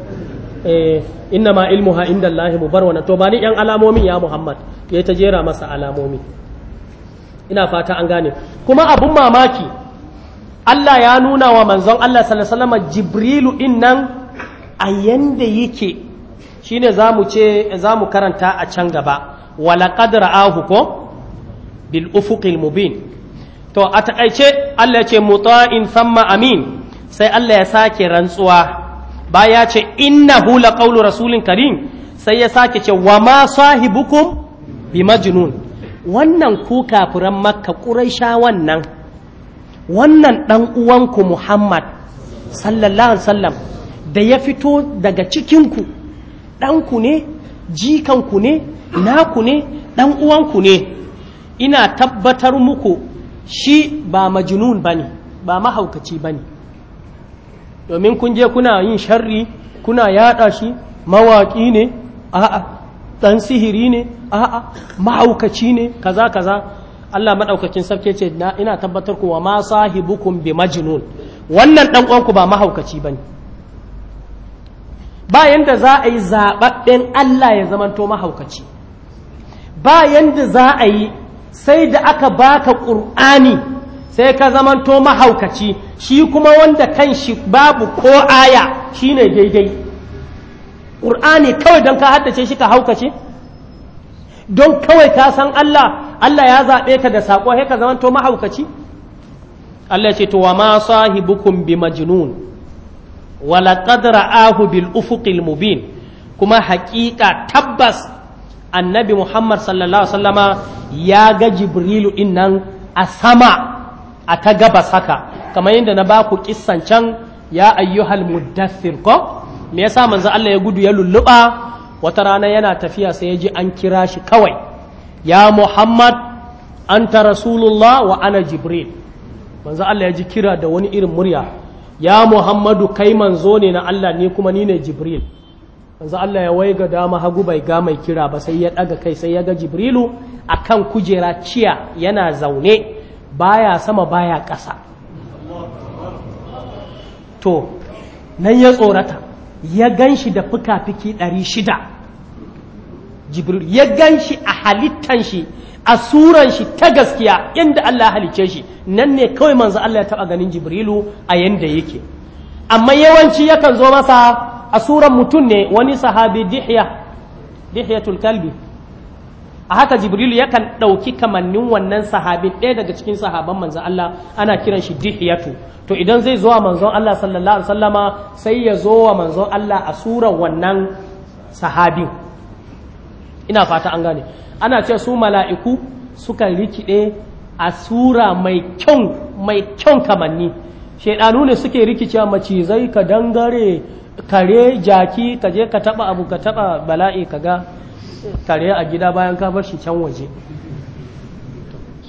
Eh, inna ma ilmuha inda Allah mu bar wannan to ba ni yan alamomin ya Muhammad ya ta jera masa alamomi ina fata an gane kuma abun mamaki Allah ya nuna wa manzon Allah sallallahu alaihi wasallam Jibrilu innan a yanda yake shine zamu ce zamu karanta a can gaba walaqad ra'ahu ko bil ufuqil mubin to a taƙaice Allah ya ce muta'in samma amin sai Allah ya sake rantsuwa Ba ya ce inna hula ƙaunar rasulun karim sai ya sake ce wa ma sahibukum bi majnun wannan ku kafiran makka sha wannan wannan ɗan uwanku muhammad sallallahu alaihi sallam da ya fito daga cikinku ɗanku ne jikanku ne naku ne ɗan uwanku ne ina tabbatar muku shi ba majnun ne ba mahaukaci ba ne. domin kun je kuna yin sharri kuna yada shi mawaki ne a'a dan sihiri ne a'a mahaukaci ne kaza kaza Allah madaukakin sarki ce ina tabbatar ku wa ma sahibukum bi majnun wannan dan uwanku ba mahaukaci bane ba yanda za a yi zababben Allah ya zamanto mahaukaci ba yanda za a yi sai da aka baka qur'ani sai ka zamanto mahaukaci shi kuma wanda kan shi babu ko aya shine daidai ƙur'ani kawai don ka haddace shi ka haukace don kawai ka san Allah Allah ya zaɓe ka da saƙo sai ka zamanto mahaukaci Allah ce to wa ma sahibukum bi majnun wa laqad ra'ahu bil ufuqil mubin kuma haƙiƙa tabbas annabi Muhammad sallallahu alaihi wasallama ya ga Jibrilu innan a sama a ta gabas haka kamar yadda na baku kissan can ya ayyuhal muddathir ko me yasa manzo Allah ya gudu ya lulluba wata rana yana tafiya sai ya ji an kira shi kawai ya Muhammad anta rasulullah wa ana jibril manzo Allah ya ji kira da wani irin murya ya Muhammadu kai manzo ne na Allah ni kuma ni ne jibril manzo Allah ya waiga dama hagu bai ga mai kira ba sai ya daga kai sai ya ga jibrilu akan kujera ciya yana zaune baya sama baya ƙasa to nan ya tsorata ya gan shi da fuka-fiki ɗari shida jibril ya gan shi a halittan shi a suran shi ta gaskiya inda Allah halice shi nan ne kawai manzo Allah ya taɓa ganin jibrilu a yanda yake amma yawanci yakan zo masa a suran mutum ne wani sahabi dihya kalbi a haka jibrilu yakan ɗauki kamannin wannan sahabin ɗaya daga cikin sahaban manzon Allah ana kiran shi dihiyatu to idan zai zo wa manzon Allah sallallahu alaihi wasallama sai ya zo wa manzon Allah a surar wannan sahabin ina fata an gane ana ce su mala'iku sukan rikide a sura mai kyau mai kyan kamanni shaidanu ne suke rikice macizai ka dangare kare jaki ka je ka taba abu ka taba bala'i ka ga. tare a gida bayan ka bar shi can waje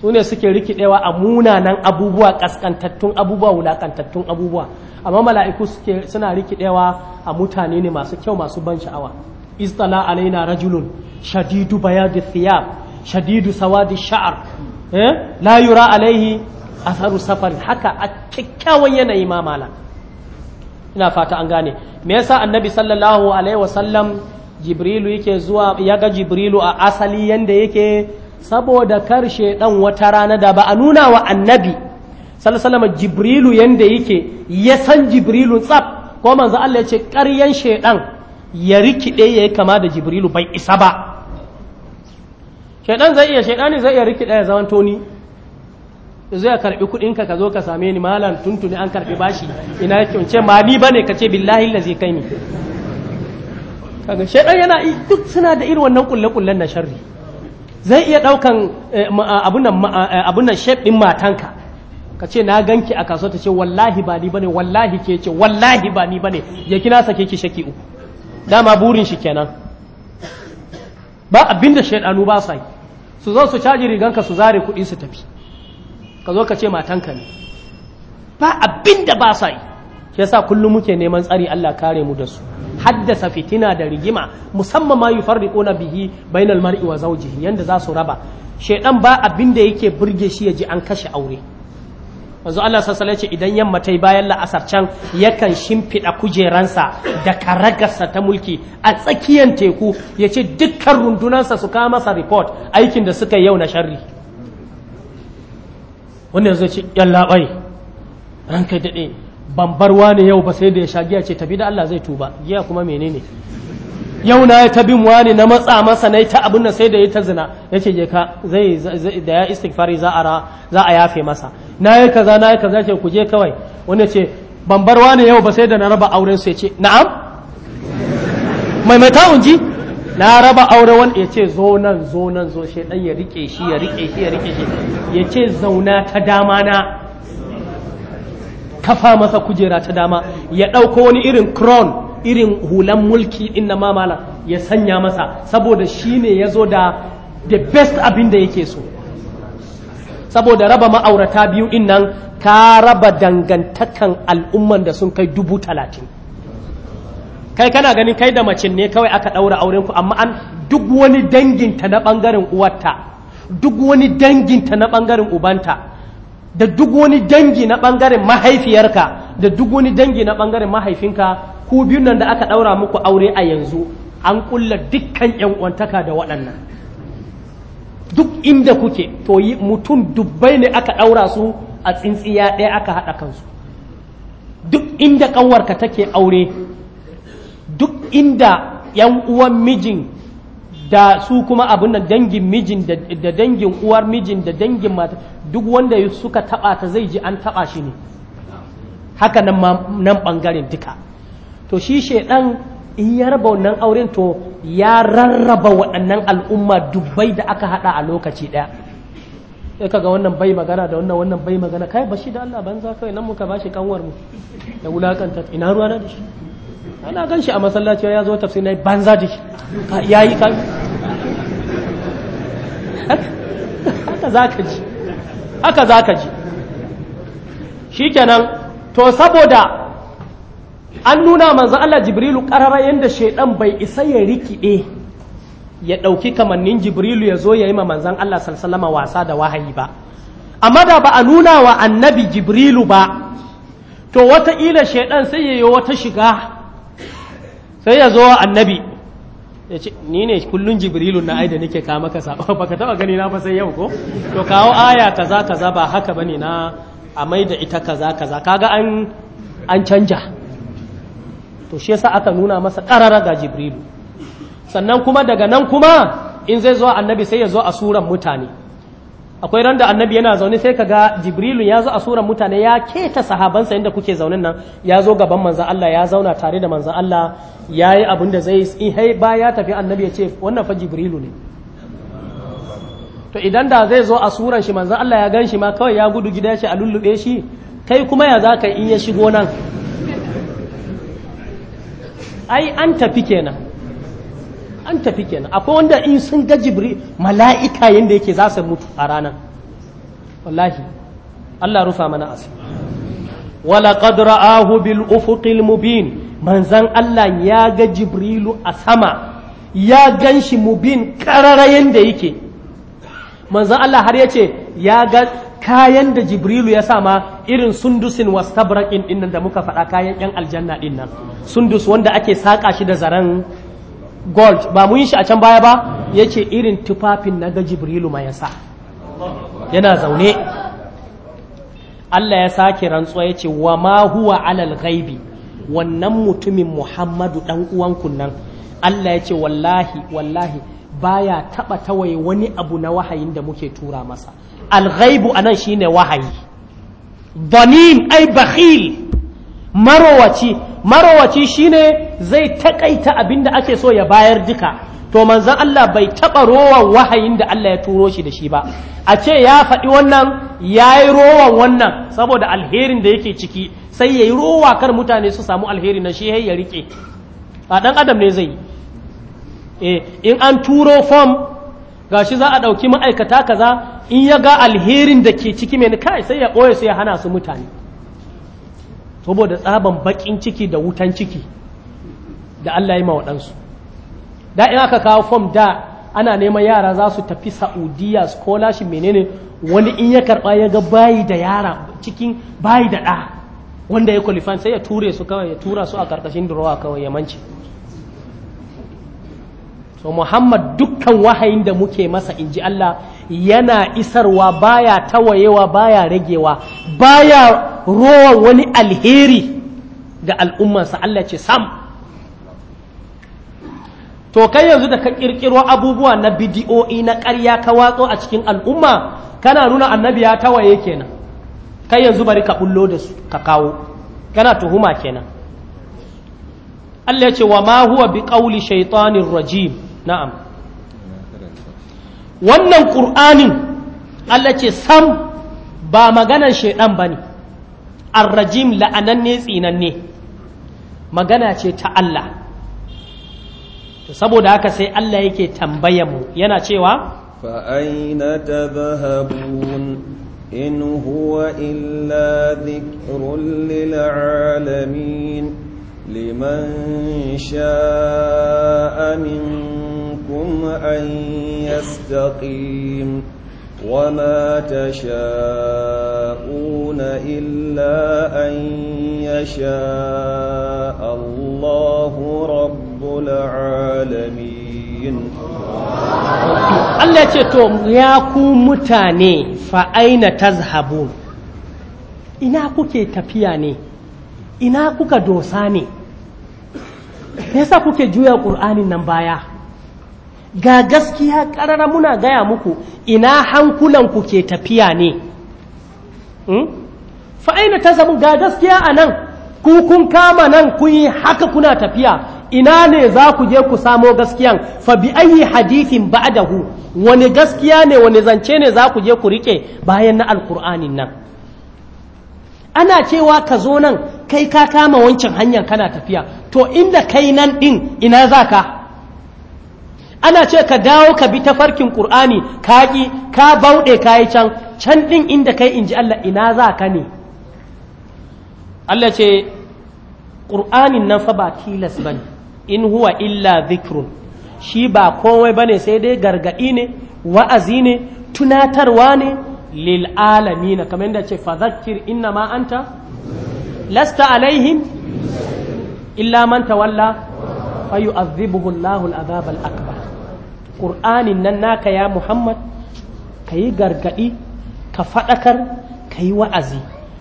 su ne suke rikidewa a munanan abubuwa kaskantattun abubuwa wulakantattun abubuwa amma mala'iku suna rikidewa a mutane ne masu kyau masu ban sha'awa istala alaina rajulun shadidu bayadi thiyab shadidu sawadi sha'ar eh? la yura alaihi asaru safar haka a kyakkyawan yanayi ma mala ina fata an gane me yasa annabi sallallahu alaihi wasallam jibrilu yake zuwa ya ga jibrilu a asali yanda yake saboda karshe dan wata rana da ba a nuna wa annabi sallallahu jibrilu yanda yake ya san jibrilu tsaf ko manzo Allah ya ce ƙaryan shedan ya rikide ya yi kama da jibrilu bai isa ba shaidan zai iya shaidani zai iya rikide ya zama toni zai karbi kudin ka zo ka same ni malam tuntuni an karbi bashi ina yake ce ma ni bane kace billahi lazi kai ni kaga shaidan yana duk suna da irin wannan kulle kullen na sharri zai iya daukan eh, abun nan shape din matanka ka ce na ganki a kasuwa ta ce wallahi ba ni bane wallahi ke ce wallahi ba ni bane ya kina sake ki shaki uku dama burin shi kenan ba abinda shaidanu ba sai su zo su caji rigan ka su zare kuɗi su tafi ka zo ka ce matanka ne ba abinda ba sai shi yasa kullum muke neman tsari Allah kare mu da su haddasa fitina da rigima musamman ma yufarriquna bihi bainal mar'i wa zawjihi yanda za su raba shedan ba abin da yake burge shi ya ji an kashe aure wanzu Allah ya ce idan yamma ta bayan la'asar can yakan shimfiɗa kujeransa da karagarsa ta mulki a tsakiyar teku ya ce dukkan rundunansa su kama masa report aikin da suka yau na sharri wannan ya ce yalla bai ranka daɗe ban bar wani yau ba sai da ya sha giya ce tafi da Allah zai tuba giya kuma menene yau na ya tabin wani na matsa masa na ta abin da sai da ya ta zina ya ce ka zai da ya istighfari za a za a yafe masa na yi kaza na yi kaza ce ku je kawai wani ce ban bar wani yau ba sai da na raba auren sai ce na'am maimaita unji na raba auren wani ya ce zo nan zo nan zo shi ya rike shi ya rike shi ya rike shi ya ce zauna ta dama na kafa masa kujera ta dama ya ɗauko wani irin crown irin hulan mulki inna na mamala ya sanya masa saboda shi ne ya zo da the best abin da yake so saboda raba ma'aurata biyu innan nan ka raba dangantakan al'umman da sun kai dubu talatin kai kana ganin kai da macin ne kawai aka ɗaura auren ku amma an duk wani danginta na ɓangaren uwarta duk wani danginta na ɓangaren ubanta da duk wani dangi na ɓangaren mahaifiyarka da duk wani dangi na ɓangaren mahaifinka ku biyun nan da aka ɗaura muku aure a yanzu an ƙulla dukkan ‘yan uwantaka da waɗannan duk inda kuke to yi mutum dubbai ne aka ɗaura su a tsintsiya ɗaya aka haɗa kansu duk inda ƙanwarka take aure duk inda ‘yan uwan mijin da su kuma abin da dangin mijin da dangin uwar mijin da dangin mata duk wanda suka taba ta zai ji an taba shi ne haka nan bangaren duka to shi shaidan in ya raba wannan auren to ya rarraba waɗannan al'umma dubbai da aka hada a lokaci ɗaya sai kaga wannan bai magana da wannan wannan bai magana kai ba shi da Allah banza kai nan muka bashi kanwar mu da wulakanta ina ruwa da shi ana gan shi a masallaci ya zo tafsir na banza da shi ya yi kan haka za ka ji haka za ka ji shikenan to saboda an nuna manzo Allah Jibrilu karara yanda shaidan bai isa ya rikide ya ɗauki kamannin Jibrilu ya zo ya yi ma manzan Allah sallallahu wasa da wahayi ba amma da ba a nuna wa annabi Jibrilu ba to wataƙila shaidan sai ya yi wata shiga sai ya zo annabi ya ce ni ne kullum jibrilun na aida nake ka maka saba baka taba gani na fa sai yau ko to kawo aya kaza kaza ba haka bane na a mai da ita kaza kaza kaga an an canja to shi yasa aka nuna masa karara ga jibrilu sannan kuma daga nan kuma in zai zo annabi sai ya zo a suran mutane akwai randa annabi yana zaune sai ga jibrilu ya zo a suran mutane ya keta sahabansa inda kuke zaunin nan ya zo gaban manzan Allah ya zauna tare da manzan Allah ya yi abin da zai yi ba ya tafi annabi ya ce wannan fa jibrilu ne to idan da zai zo a suran shi manzan Allah ya gan shi ma kawai ya gudu gida shi a lullube shi kai kuma ya za ka in ya shigo nan ai an tafi kenan an tafi kenan akwai wanda in sun ga jibri mala'ika yanda yake za su mutu a ranar wallahi Allah rufa mana asu wala qad ra'ahu bil ufuqil mubin manzan Allah ya ga jibrilu a sama ya ganshi mubin karara da yake manzan Allah har yace ya ga kayan da jibrilu ya sama irin sundusin wastabraqin dinnan da muka faɗa kayan yan aljanna dinnan sundus wanda ake saƙa shi da zaren gold ba mun yi shi a can baya ba yace irin tufafin na ga jibrilu ma yasa yana zaune Allah ya sake rantsuwa yace wa ma huwa alal ghaibi wannan mutumin Muhammadu dan uwanku nan Allah yace wallahi wallahi baya taba tawaye wani abu na wahayin da muke tura masa ghaibu anan shine wahayi dhanim ay bakhil marowaci marowaci shine zai takaita abin da ake so ya bayar duka to manzan Allah bai taɓa rowan wahayin da Allah ya turo shi da shi ba a ce ya faɗi wannan ya yi rowan wannan saboda alherin da yake ciki sai ya yi rowa kar mutane su samu alherin na shi ya riƙe a ɗan adam ne zai yi eh, in an turo fom gashi za a ɗauki ma'aikata kaza in ya ga alherin da ke ciki mai kai sai ya ɓoye su ya hana su mutane saboda tsaban baƙin ciki da wutan ciki da Allah ya yi waɗansu da in aka kawo fom da ana neman yara za su tafi saudiya scholarship menene wani in ya karɓa ya ga bayi da yara cikin bayi da ɗa wanda ya kwalifan sai ya ture su kawai ya tura su a ƙarƙashin durowa kawai ya mance so muhammad dukkan wahayin da muke masa in ji allah yana isarwa baya tawayewa baya ragewa baya rowa wani alheri ga al'ummansa allah ce sam to kai yanzu da ka kirkiro abubuwa na bidiyo'i na ƙarya ka watso a cikin al'umma kana nuna annabi ya tawaye kenan kai yanzu bari ka bullo da su ka kawo kana tuhuma kenan Allah ya ce wa ma huwa bi qawli shaytanir rajim na'am wannan qur'anin Allah ce sam ba maganar shaydan bane ar-rajim la'ananne tsinanne magana ce ta Allah saboda haka sai Allah yake tambayan mu yana cewa fa aina tadhhabun in huwa illa dhikrun lil alamin liman sha'a minkum an yastaqim وما تشاءون إلا أن يشاء الله رب العالمين ya ce to ya ku mutane fa'aina tazhabun ina kuke tafiya ne ina kuka dosa ne yasa kuke juya ƙur'anin nan baya ga gaskiya ƙarara muna gaya muku ina ku ke tafiya ne hmm? fa'aina tazhabun ga gaskiya a nan kun kama nan kun yi haka kuna tafiya ina ne za ku je ku samo gaskiyan fa bi ayi hadithin ba'dahu wani gaskiya ne wani zance ne za ku je ku rike bayan na alkur'anin nan ana cewa ka zo nan kai ka kama wancan hanyar kana tafiya to inda kai nan din ina za ka ana ce ka dawo ka bi tafarkin ƙur'ani ka ƙi ka bauɗe ka yi can can ɗin inda kai in ji Allah ina za ka ne Allah ce ƙur'anin nan fa ba tilas ba ne in huwa illa zikrun shi ba komai bane sai dai gargaɗi ne wa'azi ne tunatarwa ne lil na kamar yadda ce fadhakkir inna ma anta lasta alaihim illa man tawalla fayu'adhibuhu Allahu al-'adhab al-akbar qur'anin nan naka ya muhammad kayi gargaɗi ka faɗakar kayi wa'azi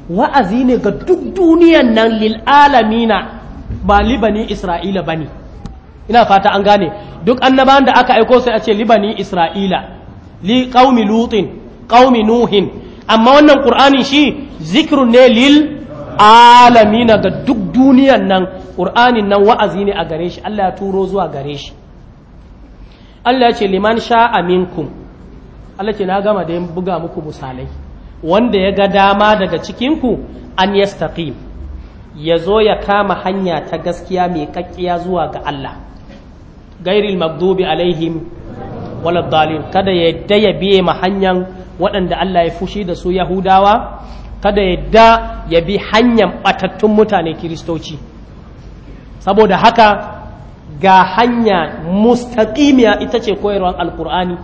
wa'azi ne ga duk duniyan nan lil alamina ba libani isra'ila ba ne ina fata an gane duk annaban da aka aiko sai a ce libani isra'ila li qaumi lutin qaumi nuhin amma wannan qur'anin shi zikru ne lil alamina ga duk duniyan nan qur'anin nan wa'azi ne a gare shi Allah ya turo zuwa gare shi Allah ya ce liman sha'a minkum Allah ce na gama da buga muku misalai wanda ya ga dama daga cikinku an yastaqim ya zo ya kama hanya ta gaskiya mai kakkiya zuwa ga Allah gairil magdubi alaihim waladdalin kada ya yadda ya biye ma hanyan waɗanda Allah ya fushi da su yahudawa kada ya yadda ya bi hanyan ɓatattun mutane kiristoci saboda haka ga hanya mustaƙimiya ita ce koyarwar alkur'ani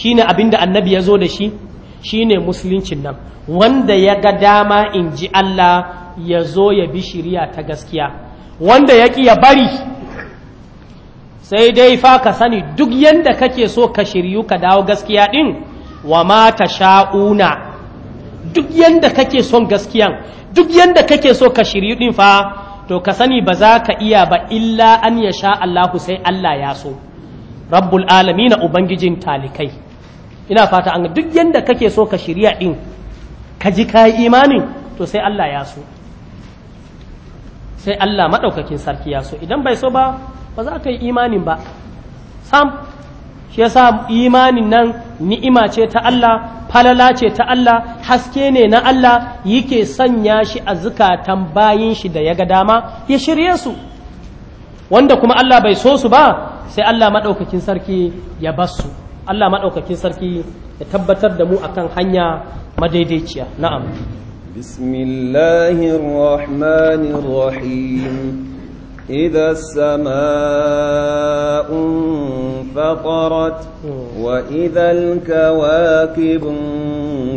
shine abinda annabi ya zo da shi shine musuluncin nan wanda ya ga dama in ji Allah ya zo ya bi shirya ta gaskiya wanda ya ya bari sai dai fa ka sani duk yanda kake so ka shiryu ka dawo gaskiya din wa ma ta sha'una duk yadda kake son gaskiyan duk yanda kake so ka shiryu din fa to ka sani ba za ka iya ba illa an ya sha Allahu sai Allah ya so rabbul na ubangijin talikai ina fata an duk yanda kake so ka shirya din ka ji ka yi imanin to sai Allah ya so sai Allah maɗaukakin sarki ya so idan bai so ba ba za ka yi imanin ba sam shi yasa imanin nan ni'ima ce ta Allah falala ce ta Allah haske ne na Allah yake sanya shi a zukatan bayin shi da ya ga dama ya shirye su wanda kuma Allah bai so su ba sai Allah maɗaukakin sarki ya bar su Allah maɗaukakin sarki ya tabbatar da mu akan hanya madaidaiciya na'am بسم الله الرحمن الرحيم إذا السماء انفطرت وإذا الكواكب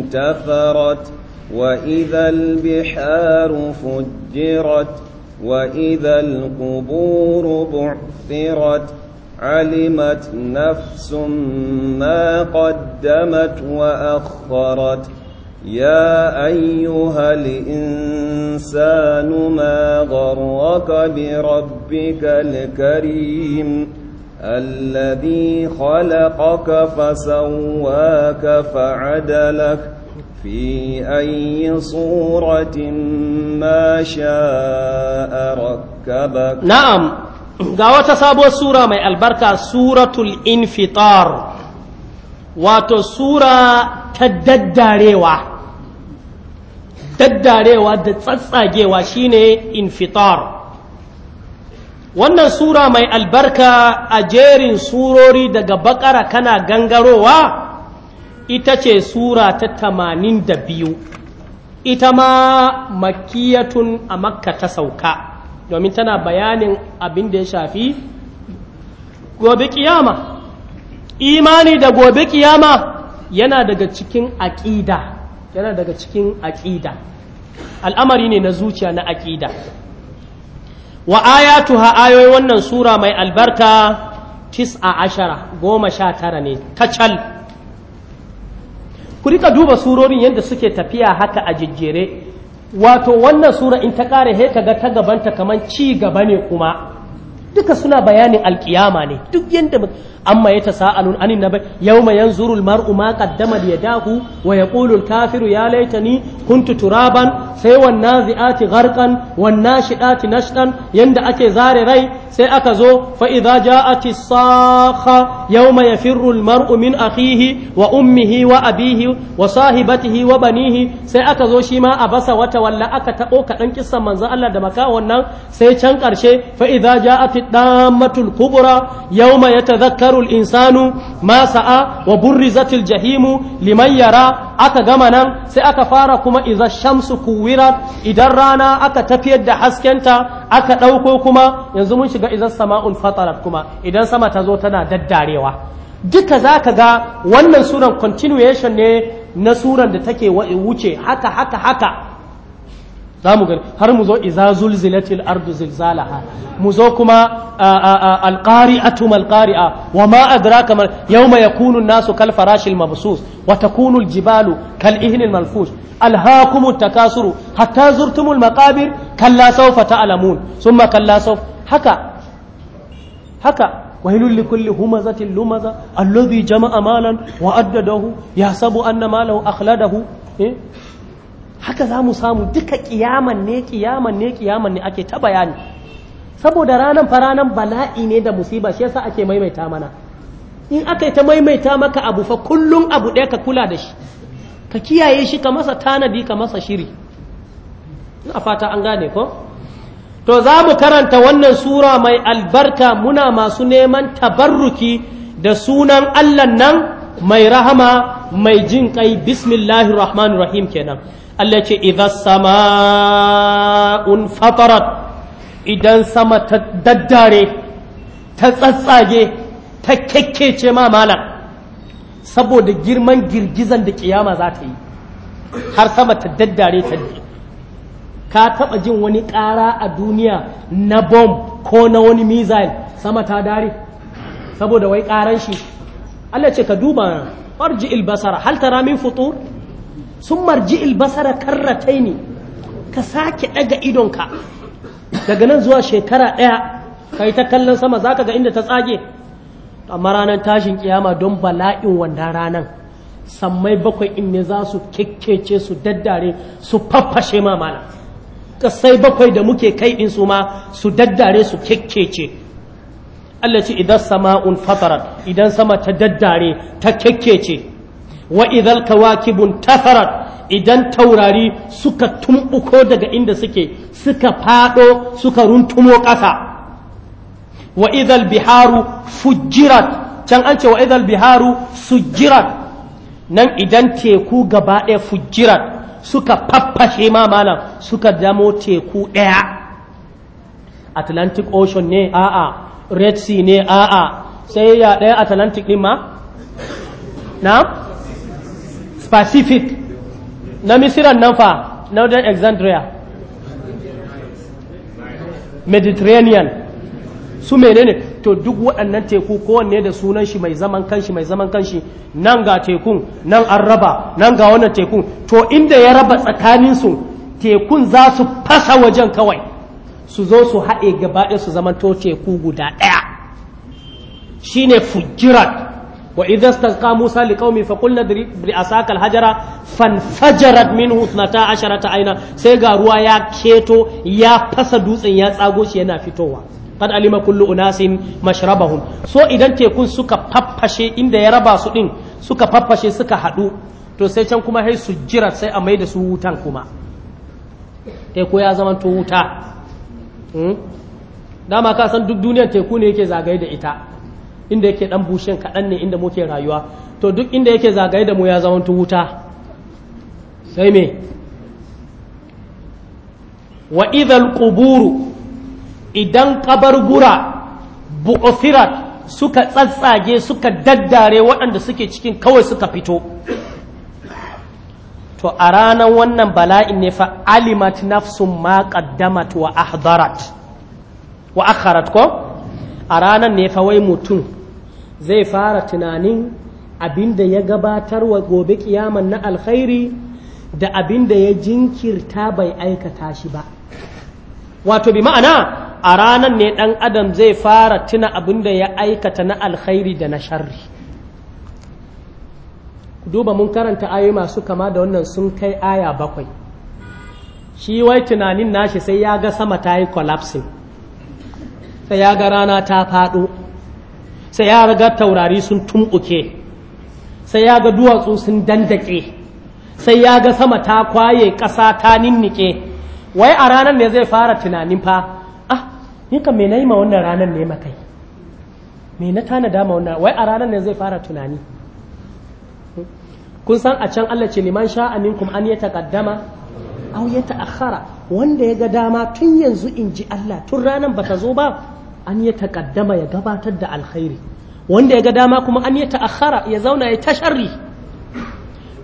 انتثرت وإذا البحار فجرت وإذا القبور بعثرت علمت نفس ما قدمت وأخرت يا أيها الإنسان ما غرك بربك الكريم الذي خلقك فسواك فعدلك في أي صورة ما شاء ركبك نعم قاوة سابوة سورة ما البركة سورة الانفطار وتسورة تدداريوه daddarewa da tsatsagewa shine infitar wannan sura mai albarka a jerin surori daga bakara kana gangarowa ita ce sura ta tamanin da biyu ita ma makiyatun a makka ta sauka domin tana bayanin abin da ya shafi gobe kiyama imani da gobe kiyama yana daga cikin aƙida yana daga cikin aƙida al'amari ne na zuciya na aƙida wa ha ayoyi wannan sura mai albarka tis'a ashara goma sha tara ne kacal ku rika duba surorin yadda suke tafiya haka a jejjere wato wannan sura in ta kare he ga ta gabanta kamar ci gaba ne kuma duka suna bayanin alkiyama ne duk yadda amma ya ta sa'alun anin na yawma yanzuru almar'u ma qaddama yadahu wa yaqulu alkafiru ya laitani kuntu turaban sai wan nazi'ati gharqan wan nashidati nashdan yanda ake zare rai sai aka zo fa idza ja'ati sakha yawma yafirru almar'u min akhihi wa ummihi wa abihi wa sahibatihi wa banihi sai aka zo shi ma a basa wata walla aka tabo kadan kissan manza Allah da maka wannan sai can karshe fa idza ja'ati الدامة الكبرى يوم يتذكر الإنسان ما wa وبرزت jahimu لمن يرى aka gama nan sai aka fara kuma iza shamsu kuwira idan rana aka tafiyar da haskenta aka ɗauko kuma yanzu mun shiga iza sama'ul fatarat kuma idan sama ta zo tana daddarewa duka zaka ga wannan suran continuation ne na suran da take wuce haka haka haka za mu gani har mu zo iza zulzilatil ardu zilzalaha mu zo kuma alqari'atu mal qari'a wa ma adraka mal yawma yakunu an-nasu kal farashil mabsus wa takunu al-jibalu kal ihni al-malfush alhaakum at-takasuru hatta zurtumul maqabir kalla sawfa ta'lamun thumma kalla sawfa haka haka wailul likulli humazatin lumaza alladhi jama'a malan wa addadahu yahsabu anna malahu akhladahu eh? haka za mu samu duka kiyaman ne kiyaman ne kiyaman ne ake ta bayani saboda ranan fa bala'i ne da musiba shi yasa ake maimaita mana in aka yi ta maimaita maka abu fa kullum abu ɗaya ka kula da shi ka kiyaye shi ka masa tanadi ka masa shiri ina fata an gane ko to za mu karanta wannan sura mai albarka muna masu neman tabarruki da sunan allah nan mai rahama mai jin kai bismillahir rahmanir rahim kenan Allah ce idza sama'un fatarat idan sama ta daddare ta tsatsage ta kekkece ma malam saboda girman girgizan da kiyama za ta yi har sama ta daddare ta ka taba jin wani ƙara a duniya na bom ko na wani missile sama ta dare saboda wai ƙaran shi Allah ce ka duba farji ilbasara hal tara min futur sun marji albasara karratai ne ka sake daga idonka daga nan zuwa shekara daya ka yi ta kallon sama za ka ga inda ta tsage amma ranar tashin kiyama don bala'in wanda ranar sammai bakwai in ne za su kekkece su daddare su faffashe ma mana sai bakwai da muke kai in su ma su daddare su kekkece Allah ce idan sama'un fatarar idan sama ta daddare ta kekkece wa idhal kawakibun tafarat idan taurari suka tumbuko daga inda suke suka fado suka runtumo ƙasa wa idhal biharu fujirat can an ce wa idhal biharu sujirat nan idan teku gaba ɗaya fujirat suka faffashe ma malam suka damo teku ɗaya atlantic ocean ne a'a red sea ne a'a sai ya ɗaya atlantic ɗin ma na pacific na misiran nan fa northern alexandria mediterranean su menene to duk waɗannan teku kowanne da sunan shi mai zaman kanshi mai zaman kanshi nan ga tekun nan an raba nan ga wannan tekun to inda ya raba tsakanin su tekun za su fasa wajen kawai su zo su haɗe gaba ɗaya su zama to teku guda ɗaya shine fujirat wa idza istasqa Musa liqaumi fa qulna drib bi asakal hajara fanfajarat minhu 12 aina sai ga ruwa ya keto ya fasa dutsen ya tsago shi yana fitowa qad alima kullu unasin mashrabahum so idan tekun suka faffashe inda ya raba su din suka faffashe suka hadu to sai can kuma sai su jira sai a mai da su wutan kuma teku ya zama to wuta hmm? dama ka san duk duniyar teku ne yake zagaye da ita inda yake dan bushen kaɗan ne inda muke rayuwa to duk inda yake zagaye da mu ya zama wuta sai me wa idhal quburu idan kabargura bu'thirat suka tsatsage suka daddare waɗanda suke cikin kawai suka fito to a ranar wannan bala'in ne fa alimat nafsun ma qaddamat wa ahdarat wa akharat ko a ranar ne fa wai mutum zai fara tunanin abin da ya gabatar wa gobe kiyaman na alkhairi da abin da ya jinkirta bai aikata shi ba wato bi ma'ana a ranar ne dan adam zai fara tuna abin da ya aikata na alkhairi da na sharri duba mun karanta ayoyi masu kama da wannan sun kai aya bakwai shi wai tunanin nashi sai ya ga sama ta yi collapsing sai ya ga rana ta faɗo sai ya raga taurari sun tumɓuke sai ya ga duwatsu sun dandake sai ya ga sama ta kwaye ƙasa ta ninnike wai a ranar ne zai fara tunanin fa ah nika me na yi ma wannan ranar ne makai me na tanada ma wannan wai a ranar ne zai fara tunani kun san a can Allah ce liman sha'a minkum an ya taqaddama aw ya ta'akhara wanda ya ga dama tun yanzu in ji Allah tun ranar ta zo ba an ya taƙaddama ya gabatar da alkhairi wanda ya ga dama kuma an ya ta'akhara ya zauna ya tasharri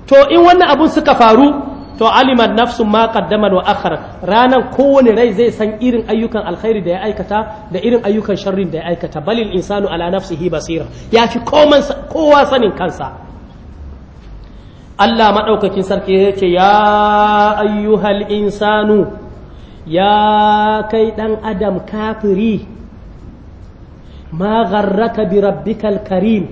to in wannan abun suka faru to aliman nafsu ma kaddamar wa akhar ranar kowane rai zai san irin ayyukan alkhairi da ya aikata da irin ayyukan sharrin da ya aikata balil insanu ala nafsihi basira ya fi kowa sanin kansa Allah maɗaukakin sarki ya ce ya ayyuhal insanu ya kai ɗan adam kafiri ma gharraka bi rabbikal karim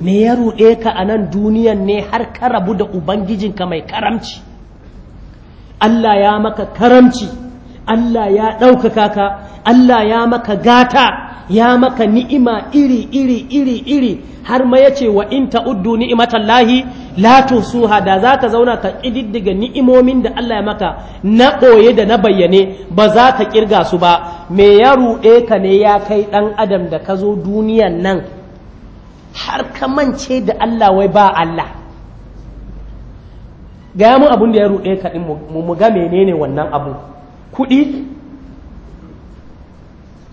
me ya ruɗe ka a nan duniyan ne har ka rabu da ubangijinka mai karamci Allah ya maka karamci Allah ya ɗaukaka ka Allah ya maka gata ya maka ni'ima iri iri iri iri har ma yace wa in ta'uddu ni'matallahi la tusuha da zaka zauna ka ƙididdiga ni'imomin da Allah ya maka na ɓoye da na bayyane ba za ka ƙirga su ba me ya ruɗe ka ne ya kai ɗan adam da ka zo duniyan nan har ka mance da Allah wai ba Allah gaya mu abun da ya ruɗe ka ɗin mu ga menene wannan abu kuɗi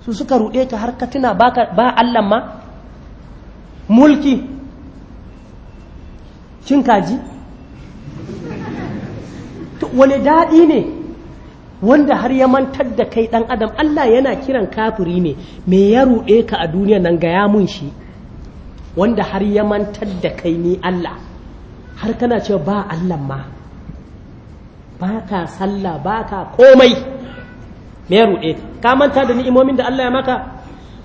su suka ruɗe ka har ka tuna ba Allah ma mulki cin kaji wani daɗi ne wanda har ya mantar da kai ɗan adam Allah yana kiran kafiri ne me ya ruɗe ka a duniya nan gaya mun shi wanda har ya mantar da kai ni Allah har kana cewa ba Allah ma ba ka sallah ba ka komai me ruɗe ka manta da ni'imomin da Allah ya maka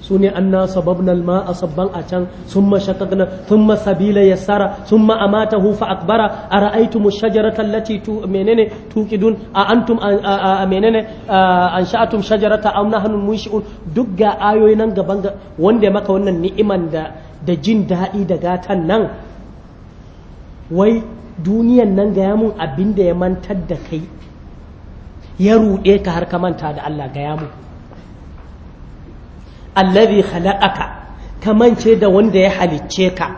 su ne an nasa babnal ma a sabban a can sun mashakagna sun sabila ya sara sun ma'amata hufa akbara a ra'aitu mu shajaratan tu menene tukidun a antum a menene an sha'atum shajarata a hannun munshi'un duk ga ayoyi nan gaban wanda ya maka wannan ni'iman da jin daɗi da gatan nan wai duniyan nan gaya mun abinda ya mantar da kai ya ruɗe ka har ka manta da Allah gaya mun allazi khalaqaka ce da wanda ya halicce ka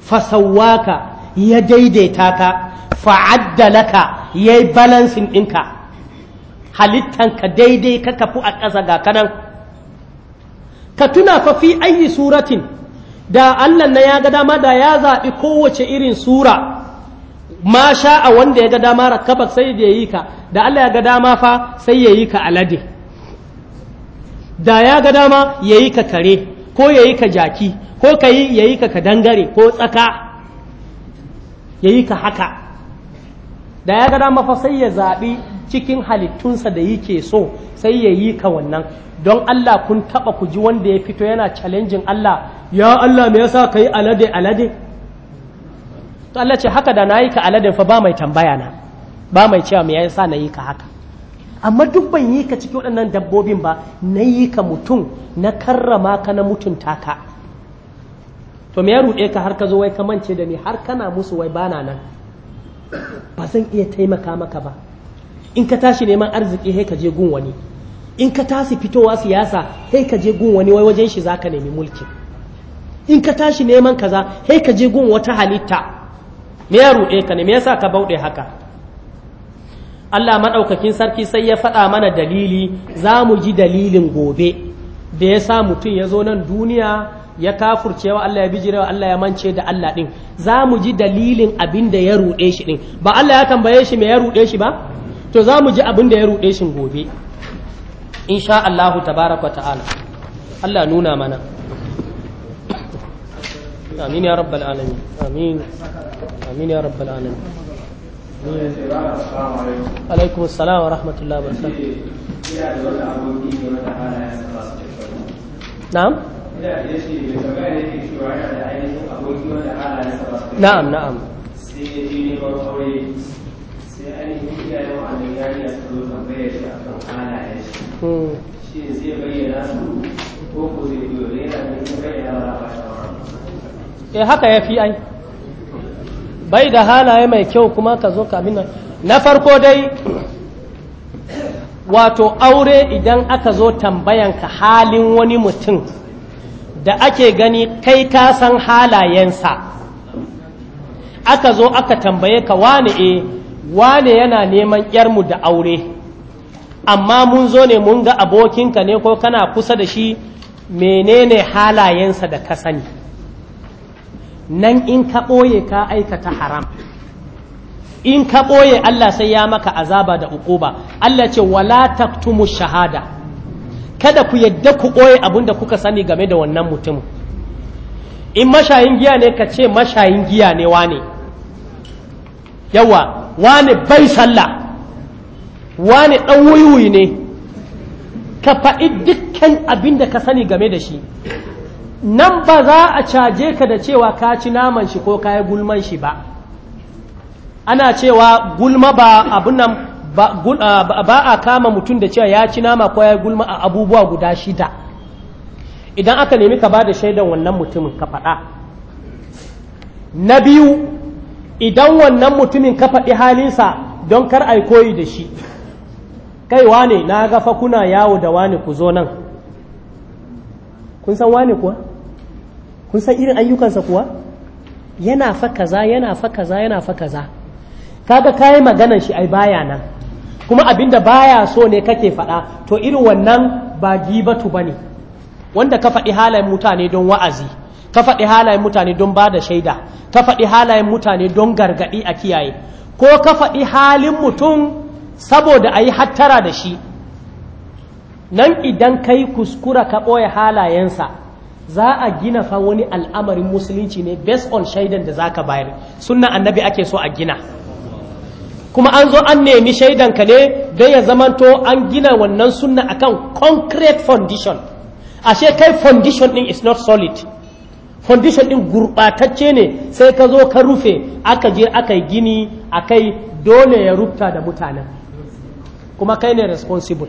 fasawaka ya daidaita ka fa'addalaka yayi balancing ɗinka ka daidai ka kafu a ƙasa ga kanan ka tuna fa fi ayi suratin da Allah na ya ga dama da ya zaɓi kowace irin sura ma a wanda ya ga dama rakabar sai da yi ka da Allah ya ga dama fa sai ya yi ka alade da ya ga dama ya yi ka kare ko ya yi ka jaki ko ka yi ya yi ka kadangare ko tsaka ya yi ka haka da ya ga dama fa sai ya zaɓi cikin halittunsa da yake so sai ya yi ka wannan don Allah kun taɓa ku ji wanda ya fito yana challenging Allah ya Allah me yasa ka yi alade alade to Allah ce haka da na yi ka alade fa ba mai tambaya na ba mai cewa me yasa na yi ka haka amma duk ban yi ka cikin waɗannan dabbobin ba na yi ka mutum na karrama ka na mutunta ka to me ya ruɗe ka har ka zo wai ka mance da ni har kana musu wai bana nan ba zan iya taimaka maka ba in ka tashi neman arziki sai ka je gun wani in ka tashi fitowa siyasa sai ka je gun wani wai wajen shi zaka nemi mulki in ka tashi neman kaza sai ka je gun wata halitta me ya ruɗe ka ne me yasa ka bauɗe haka Allah maɗaukakin sarki sai ya faɗa mana dalili za mu ji dalilin gobe da ya sa mutum ya zo nan duniya ya kafurce wa Allah ya wa Allah ya mance da Allah ɗin za mu ji dalilin abin da ya ruɗe shi ɗin ba Allah ya tambaye shi me ya ruɗe shi ba to za mu ji abin da ya ruɗe shi gobe insha Allahu tabaraka ta'ala Allah nuna mana amin ya rabbal alamin amin amin ya rabbal alamin عليكم السلام ورحمة الله وبركاته نعم نعم نعم سيدي إيه، في أن bai da halaye mai kyau kuma ka zo ka nan na farko dai wato aure idan aka zo tambayanka halin wani mutum da ake gani kai ka san halayensa aka zo aka tambaye ka wane e wane yana neman yarmu da aure amma mun zo ne mun ga abokinka ne ko kana kusa da shi menene halayensa da ka sani nan in ka ɓoye ka aikata haram in ka ɓoye Allah sai ya maka azaba da uquba Allah ce wala taktumu shahada kada ku yadda ku ɓoye abin da kuka sani game da wannan mutum, in mashayin giya ne ka ce mashayin giya ne wane yawa wane bai sallah wane ɗan wuyuyi ne ka faɗi dukkan abin da ka sani game da shi nan ba za a caje ka da cewa ka ci naman shi ko ka yi gulman shi ba ana cewa gulma ba abu nan ba a kama mutum da cewa ya ci nama ko ya yi gulma a abubuwa guda shida idan aka nemi ka ba da shaidan wannan mutumin ka faɗa na biyu idan wannan mutumin ka faɗi halinsa don kar a koyi da shi kaiwa ne na gafa kuna yawo da wani ku zo nan kun san wane kuwa kun san irin ayyukansa kuwa yana fa kaza yana fa kaza yana fa kaza kaga kai maganan shi ai baya nan kuma abinda baya so ne kake faɗa to irin wannan ba gibatu bane wanda ka faɗi halayen mutane don wa'azi ka faɗi halayen mutane don ba da shaida ka faɗi halayen mutane don gargaɗi a kiyaye ko ka faɗi halin mutum saboda a yi hattara da shi nan idan yi kuskura ka ɓoye halayensa za a gina fa wani al'amarin musulunci ne based on shaidan da za ka bayar sunna annabi ake so a gina kuma an zo an nemi shaidan ka ne don ya zamanto an gina wannan sunna akan concrete foundation ashe kai foundation din is not solid foundation din gurɓatacce ne sai ka zo ka rufe aka je aka yi gini akai dole ya rufta da mutanen kuma kai ne responsible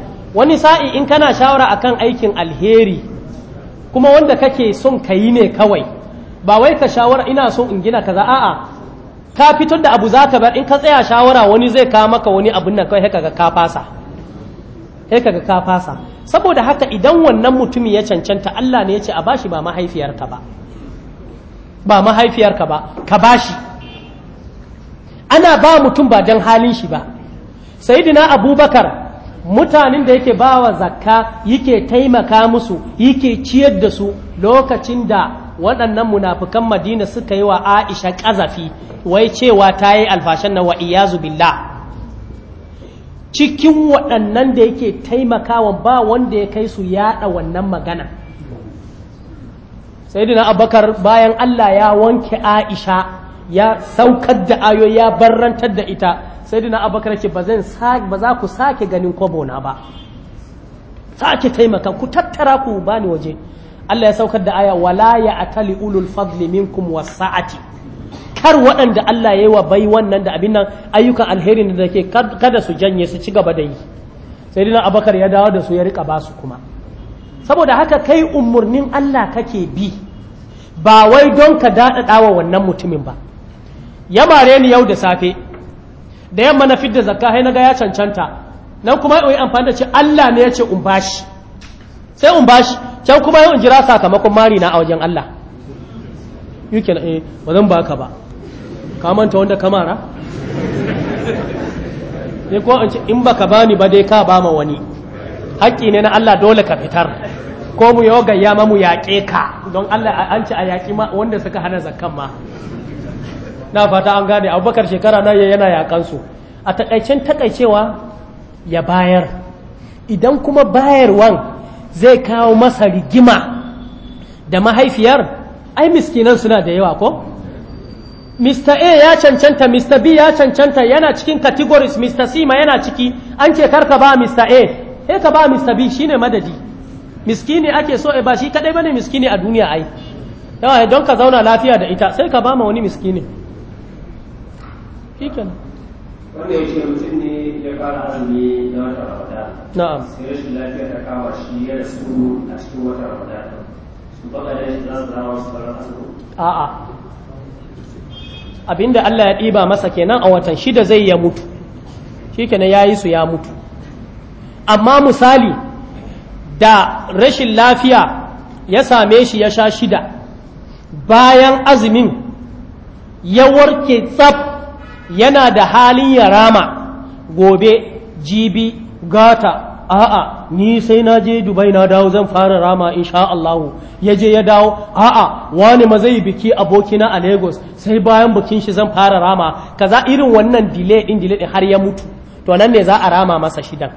wani sa'i in kana shawara a kan aikin alheri kuma wanda kake son ka yi ne kawai ba wai ka shawara ina son in gina kaza a'a ka fito da abu za ka bar in ka tsaya shawara wani zai kawo maka wani abun nan kawai haka ka fasa kaga ka fasa saboda haka idan wannan mutumi ya cancanta Allah ne ya ce a bashi ba mahaifiyarka ba ba mahaifiyarka ba ka bashi ana ba mutum ba don halin shi ba sayidina abubakar mutanen da yake bawa zakka yake taimaka musu yake ciyar da su lokacin da waɗannan munafukan madina suka yi wa aisha ƙazafi wai cewa ta yi alfashan na wa iyazu cikin waɗannan da yake taimakawa ba wanda ya kai su yaɗa wannan magana sai dina abakar bayan allah ya wanke aisha ya saukar da ayoyi ya barrantar da ita sai dina abakar ce ba za ku sake ganin kwabo ba sake taimaka ku tattara ku bani waje Allah ya saukar da aya wala ya atali ulul fadli minkum sa'ati kar waɗanda Allah ya yi wa bai wannan da abin nan ayyukan alherin da ke kada su janye su ci gaba da yi sai dina abakar ya dawo da su ya rika su kuma saboda haka kai umurnin Allah kake bi ba wai don ka daɗaɗa wa wannan mutumin ba ya mare ni yau da safe da yamma na fidda zakka sai na ya cancanta nan kuma yi amfani da ce Allah ne ya ce in bashi sai in bashi can kuma yau in jira sakamakon mari na a wajen Allah yuke na eh ba zan baka ba ka manta wanda ka mara ne ko in ce in baka bani ba dai ka ba ma wani haƙƙi ne na Allah dole ka fitar ko mu yau gayya ma mu yaƙe ka don Allah an ci a yaƙi wanda suka hana zakkan ma na fata an gane abubakar shekara na yana yakansu a takaicen takaicewa ya bayar idan kuma bayarwan zai kawo masa rigima da mahaifiyar ai miskinan suna da yawa ko Mr. A ya cancanta, Mr. B ya cancanta yana cikin categories, Mr. C ma yana ciki, an ce karka ba Mr. A, sai ka ba Mr. B shine madadi. Miskini ake so eh, ba shi kadai bane miskini a duniya ai. Yawa don ka zauna lafiya da ita, sai ka ba ma wani miskini. shikenan wanda ya ce mutum ne ya fara azumi na wata ramadan na'am sai rashin lafiya ta kawo shi ya da rasu a cikin wata ramadan su baka da shi za su dawo su fara azumi a'a abinda Allah ya ɗiba masa kenan a watan shida zai ya mutu shikenan ya yi su ya mutu amma misali da rashin lafiya ya same shi ya sha shida bayan azumin ya warke tsab yana da halin ya rama gobe jibi gata a'a ni sai na je dubai na dawo zan fara rama in shaallahu ya je ya dawo a'a wani ma zai biki abokina a Lagos sai bayan bikin shi zan fara rama kaza irin wannan delay din delay har ya mutu to nan ne za a rama masa shidan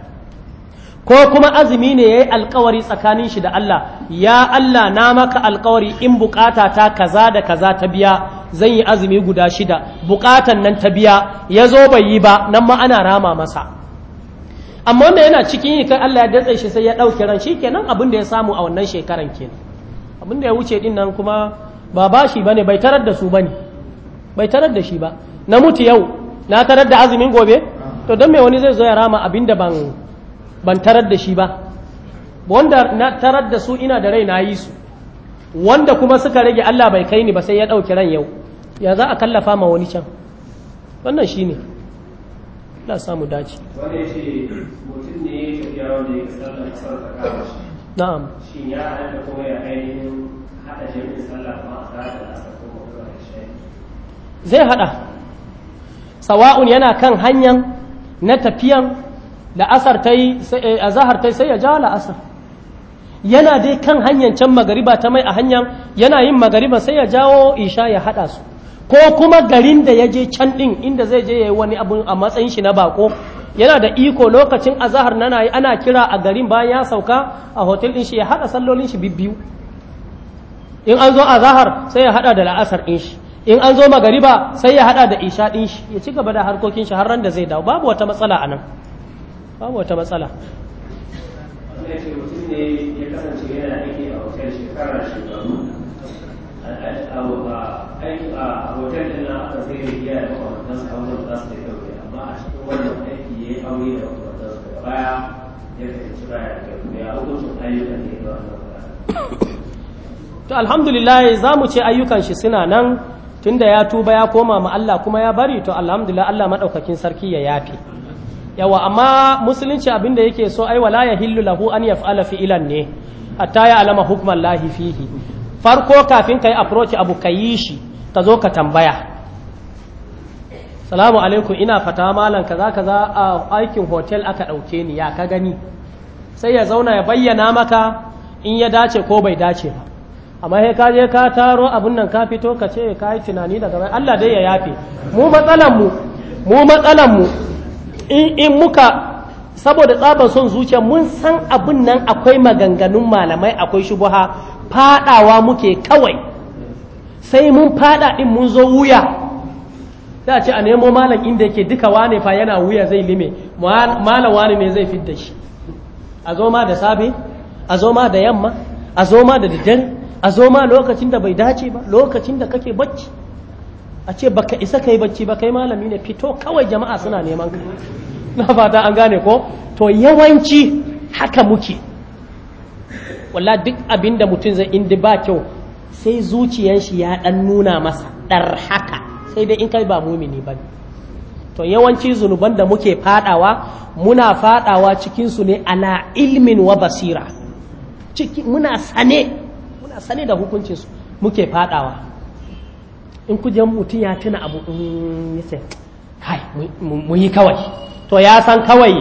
ko kuma azumi ne yayi alkawari tsakanin shi da Allah ya Allah na maka alkawari in bukata ta kaza da kaza ta biya zan yi azumi guda shida bukatan nan ta biya ya zo bai yi ba nan ma ana rama masa amma wanda yana cikin yi kai Allah ya datse shi sai ya ɗauki ran shi kenan abin da ya samu a wannan shekaran kenan abin da ya wuce din nan kuma ba bashi bane bai tarar da su bane bai tarar da shi ba na mutu yau na tarar da azumin gobe to don me wani zai zo ya rama abin da ban ban tarar da shi ba wanda na tarar da su ina da rai na yi su wanda kuma suka rage Allah bai kai ni ba sai ya ɗauki ran yau ya za a kallafa ma wani can wannan shi ne la samu dace Wani ya ya mutum ne da Sallar na'am shi ya haɗa kuma ya ainihin haɗa jami'in sallah ma a da asa kuma zuwa zai haɗa sawa'un yana kan hanyar na tafiyan da asar ta yi a eh, zahar ta yi sai ya jawo la'asar yana dai kan hanyar can magariba ta mai a hanyar yana yin magariba sai ya jawo isha ya haɗa su ko kuma garin da ya je can ɗin inda zai je ya yi wani abu a matsayin shi na bako yana da iko lokacin azahar nana yi ana kira a garin bayan ya sauka a hotel ɗin shi ya haɗa sallolin shi bibbiyu in an zo azahar sai ya haɗa da la'asar ɗin shi in an zo magariba sai ya haɗa da isha ɗin shi ya ci gaba da harkokin shi har ran da zai dawo babu wata matsala nan, babu wata matsala ya kasance yana aiki a hotel shekaru a hotel ya to alhamdulillah za mu ce ayyukan shi suna nan tun da ya tuba ya koma ma Allah kuma ya bari to alhamdulillah Allah maɗaukakin sarki ya yafe yawa amma musulunci abinda yake so ai wala hillu lahu an alafi ilan ne hatta ya alama hukumar lahifihi. farko kafin ka yi approach abu ka yi shi ka zo ka tambaya salamu alaikum ina fata malam kaza kaza a aikin hotel aka ɗauke ni ya ka gani sai ya zauna ya bayyana maka in ya dace ko bai dace ba amma he ka je ka taro abun nan ka fito ka ce ka yi tunani daga bai Allah dai ya yafe mu matsalan mu mu matsalan mu in in muka saboda tsaban son zuciya mun san abun nan akwai maganganun malamai akwai shubuha fadawa muke kawai sai mun faɗa din mun zo wuya da ce a nemo malam inda yake duka wane fa yana wuya zai lime malam wane ne zai fidda shi a zo ma da safe a zo ma da yamma a zo ma da daddare a zo ma lokacin da bai dace ba lokacin da kake bacci a ce baka isa kai bacci ba kai malami ne fito kawai jama'a suna neman ka na fata an gane ko to yawanci haka muke walla duk abin da mutum zai indi ba kyau sai zuciyar shi ya dan nuna masa dar haka sai dai in kai ba mumini ba to yawanci zunuban da muke fadawa muna fadawa cikin su ne ala ilmin wa basira ciki muna sane muna sane da hukuncin su muke fadawa in kujen mutum ya tuna abu din yace kai mu yi kawai to ya san kawai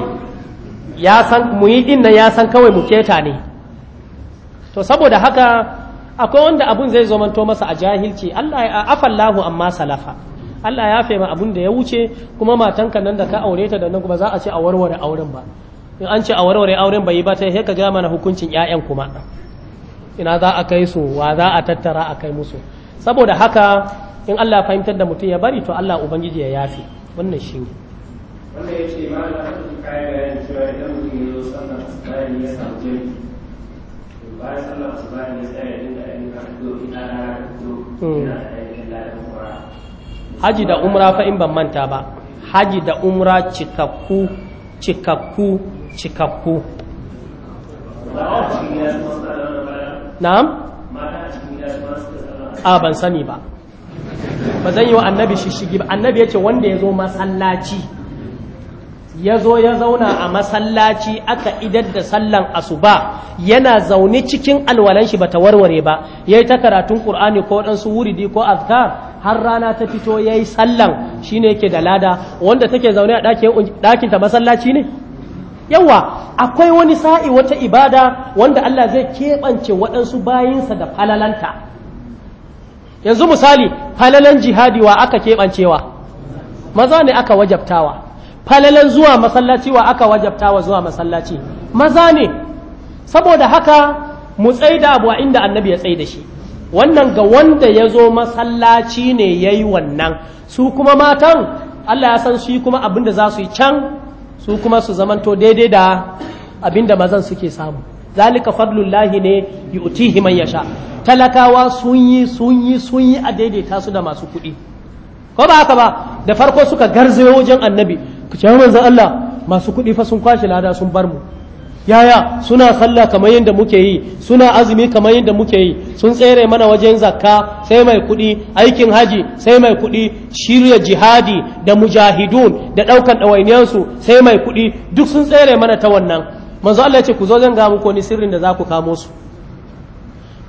ya san mu yi din nan ya san kawai mu keta ne to saboda haka akwai wanda abun zai zomanto masa a jahilci Allah ya afallahu amma salafa Allah ya fema abun da ya wuce kuma matanka nan da ka aure ta da nan kuma za a ce a warware auren ba in an ce a warware auren bai ba ta sai ka ga mana hukuncin ƴaƴan kuma ina za a kai su wa za a tattara a kai musu saboda haka in Allah ya fahimtar da mutum ya bari to Allah ubangiji ya yafi wannan shi ne wanda ya ce ma da kayan cewa idan mutum ya zo sannan ya samu jami'i bayan ne sai ya dinga na da hmm. umra haji da umra fa in ban manta ba haji da umra cikakku cikakku cikakku na'am a ban sani ba ba zan yi wa annabi shishigi ba annabi ya ce wanda ya zo masallaci ya zo ya zauna a masallaci aka idar da sallan asuba yana zaune cikin alwalan shi bata warware ba yayi ta karatun qur'ani ko dan su wuridi ko azkar har rana ta fito yayi sallan shine yake da lada wanda take zaune a ɗakinta ɗakin ta masallaci ne yawa akwai wani sa'i wata ibada wanda Allah zai keɓance waɗansu bayinsa da falalanta yanzu misali falalan jihadi wa aka keɓancewa maza ne aka wajabtawa falalan zuwa masallaci wa aka wajabta wa zuwa masallaci maza ne saboda haka mu tsaida abu a inda annabi ya da shi wannan ga wanda ya zo masallaci ne ya yi wannan su kuma matan Allah ya san yi kuma abinda za su yi can su kuma su zamanto daidai da abinda mazan suke samu zalika fadlullahi ne yu'tihi man sha talakawa sun yi sun yi sun yi a daidaita su da masu kuɗi ko ba haka ba da farko suka garzayo wajen annabi ce manzon Allah masu kuɗi fa sun kwashe lada sun bar mu yaya suna sallah kamar yadda muke yi suna azumi kamar yadda muke yi sun tsere mana wajen zakka sai mai kuɗi aikin haji sai mai kuɗi shirya jihadi da mujahidun da ɗaukan ɗawainiyarsu sai mai kuɗi duk sun tsere mana ta wannan manzo Allah ya ce ku zo zan ga muku wani sirrin da za ku kamo su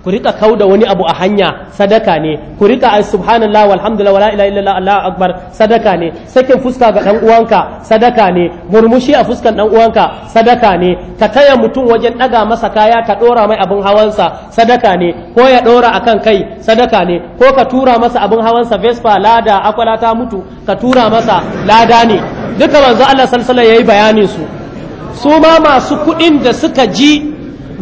ku rika kau da wani abu a hanya sadaka ne ku rika ai subhanallahi walhamdulillah wala ilaha illallah allahu akbar sadaka ne sakin fuska ga dan uwanka sadaka ne murmushi a fuskan dan uwanka sadaka ne ka taya mutum wajen daga masa kaya ka dora mai abin hawansa sadaka ne ko ya dora akan kai sadaka ne ko ka tura masa abin hawansa vespa lada akwala ta mutu ka tura masa lada ne duka manzo Allah sallallahu alaihi wasallam yayi bayanin su su ma masu kuɗin da suka ji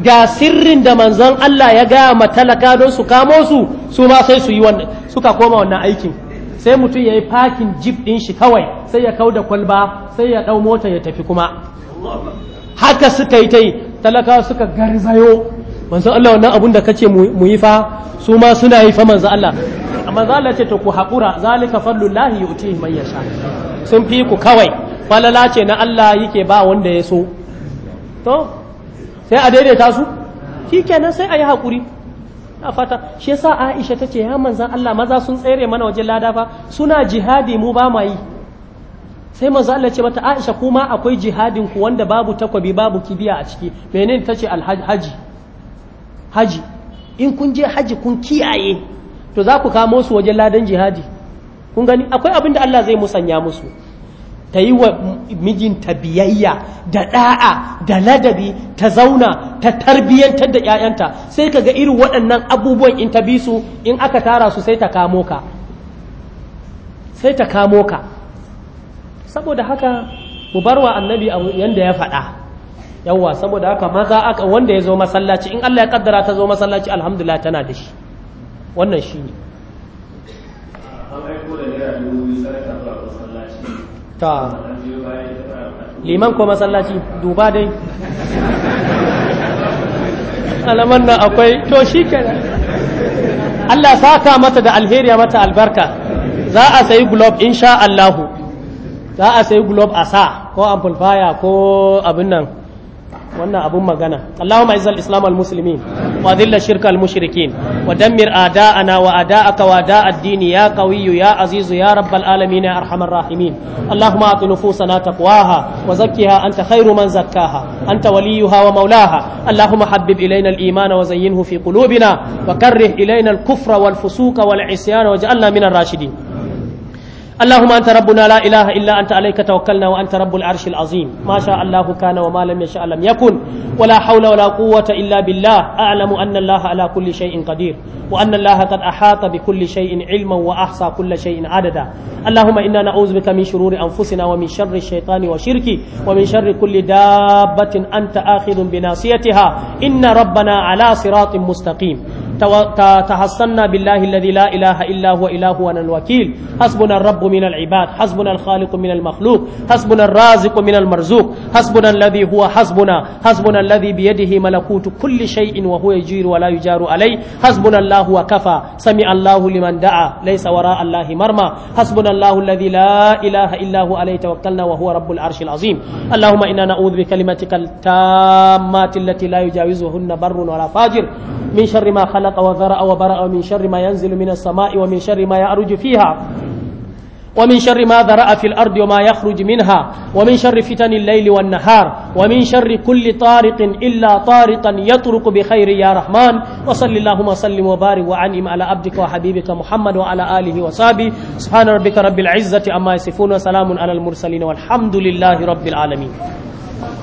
ga sirrin da manzon Allah ya gaya ma talaka don su kamo su su ma sai su yi wannan suka koma wannan aikin sai mutum ya yi fakin jip ɗin shi kawai sai ya kau da kwalba sai ya ɗau mota ya tafi kuma haka suka yi ta yi talaka suka garzayo manzon Allah wannan abun da kace mu yi fa su ma suna yi fa manzon Allah amma Allah ce to ku haƙura zalika fadlullahi yu'tihi man yasha sun fi ku kawai falala ce na Allah yake ba wanda ya so to sai a daidaita su shi kenan sai a yi haƙuri a fata shi yasa aisha ta ce ya manzan allah maza sun tsere mana wajen lada fa suna jihadi mu ba ma yi sai manzan allah ce mata aisha kuma akwai jihadin ku wanda babu takwabi babu kibiya a ciki menene ta ce alhaji haji in kun je haji kun kiyaye to za ku kamo su wajen ladan jihadi kun gani akwai abin da allah zai musanya musu ta yi wa mijinta biyayya da ɗa'a da ladabi ta zauna ta tarbiyyantar da 'ya'yanta sai ka ga irin waɗannan abubuwan in ta bi su in aka tara su sai ta kamo ka sai ta kamo ka saboda haka ku bar wa annabi yanda ya faɗa yawwa saboda haka aka wanda ya zo masallaci in Allah ya kaddara ta zo masallaci alhamdulillah tana da shi wannan shi ne ta liman ko masallaci duba dai alaman nan akwai to shi kenan Allah saka mata da alheri mata albarka za a sayi globe insha Allah za a sayi globe a sa ko amplifier ko abin nan wannan abun magana Allahumma izzal islam al muslimin wa dhilla shirka al mushrikin wa dammir a'da'ana wa a'da'aka wa da'a ad-din ya qawiyyu ya azizu ya rabbal alamin ya arhamar rahimin Allahumma ati nufusana taqwaha wa zakkiha anta khairu man zakkaha anta waliyuha wa mawlaha Allahumma habbib ilayna al iman wa zayyinhu fi qulubina wa karrih ilayna al kufra wal fusuqa wal isyana waj'alna min ar rashidin اللهم أنت ربنا لا إله إلا أنت عليك توكلنا وأنت رب العرش العظيم ما شاء الله كان وما لم يشاء لم يكن ولا حول ولا قوة إلا بالله أعلم أن الله على كل شيء قدير وأن الله قد أحاط بكل شيء علما وأحصى كل شيء عددا اللهم إنا نعوذ بك من شرور أنفسنا ومن شر الشيطان وشركه ومن شر كل دابة أنت آخذ بناصيتها إن ربنا على صراط مستقيم تحصنا بالله الذي لا إله إلا هو إله وانا الوكيل حسبنا الرب من العباد حسبنا الخالق من المخلوق حسبنا الرازق من المرزوق حسبنا الذي هو حسبنا حسبنا الذي بيده ملكوت كل شيء وهو يجير ولا يجار عليه حسبنا الله وكفى سمع الله لمن دعا ليس وراء الله مرمى حسبنا الله الذي لا إله إلا هو عليه توكلنا وهو رب العرش العظيم اللهم إنا نعوذ بكلمتك التامات التي لا يجاوزهن بر ولا فاجر من شر ما خلق خلق وذرأ وبرأ ومن شر ما ينزل من السماء ومن شر ما يعرج فيها ومن شر ما ذرأ في الأرض وما يخرج منها ومن شر فتن الليل والنهار ومن شر كل طارق إلا طارقا يطرق بخير يا رحمن وصل اللهم وسلم وبارك وعنِّم على عبدك وحبيبك محمد وعلى آله وصحبه سبحان ربك رب العزة أما يصفون وسلام على المرسلين والحمد لله رب العالمين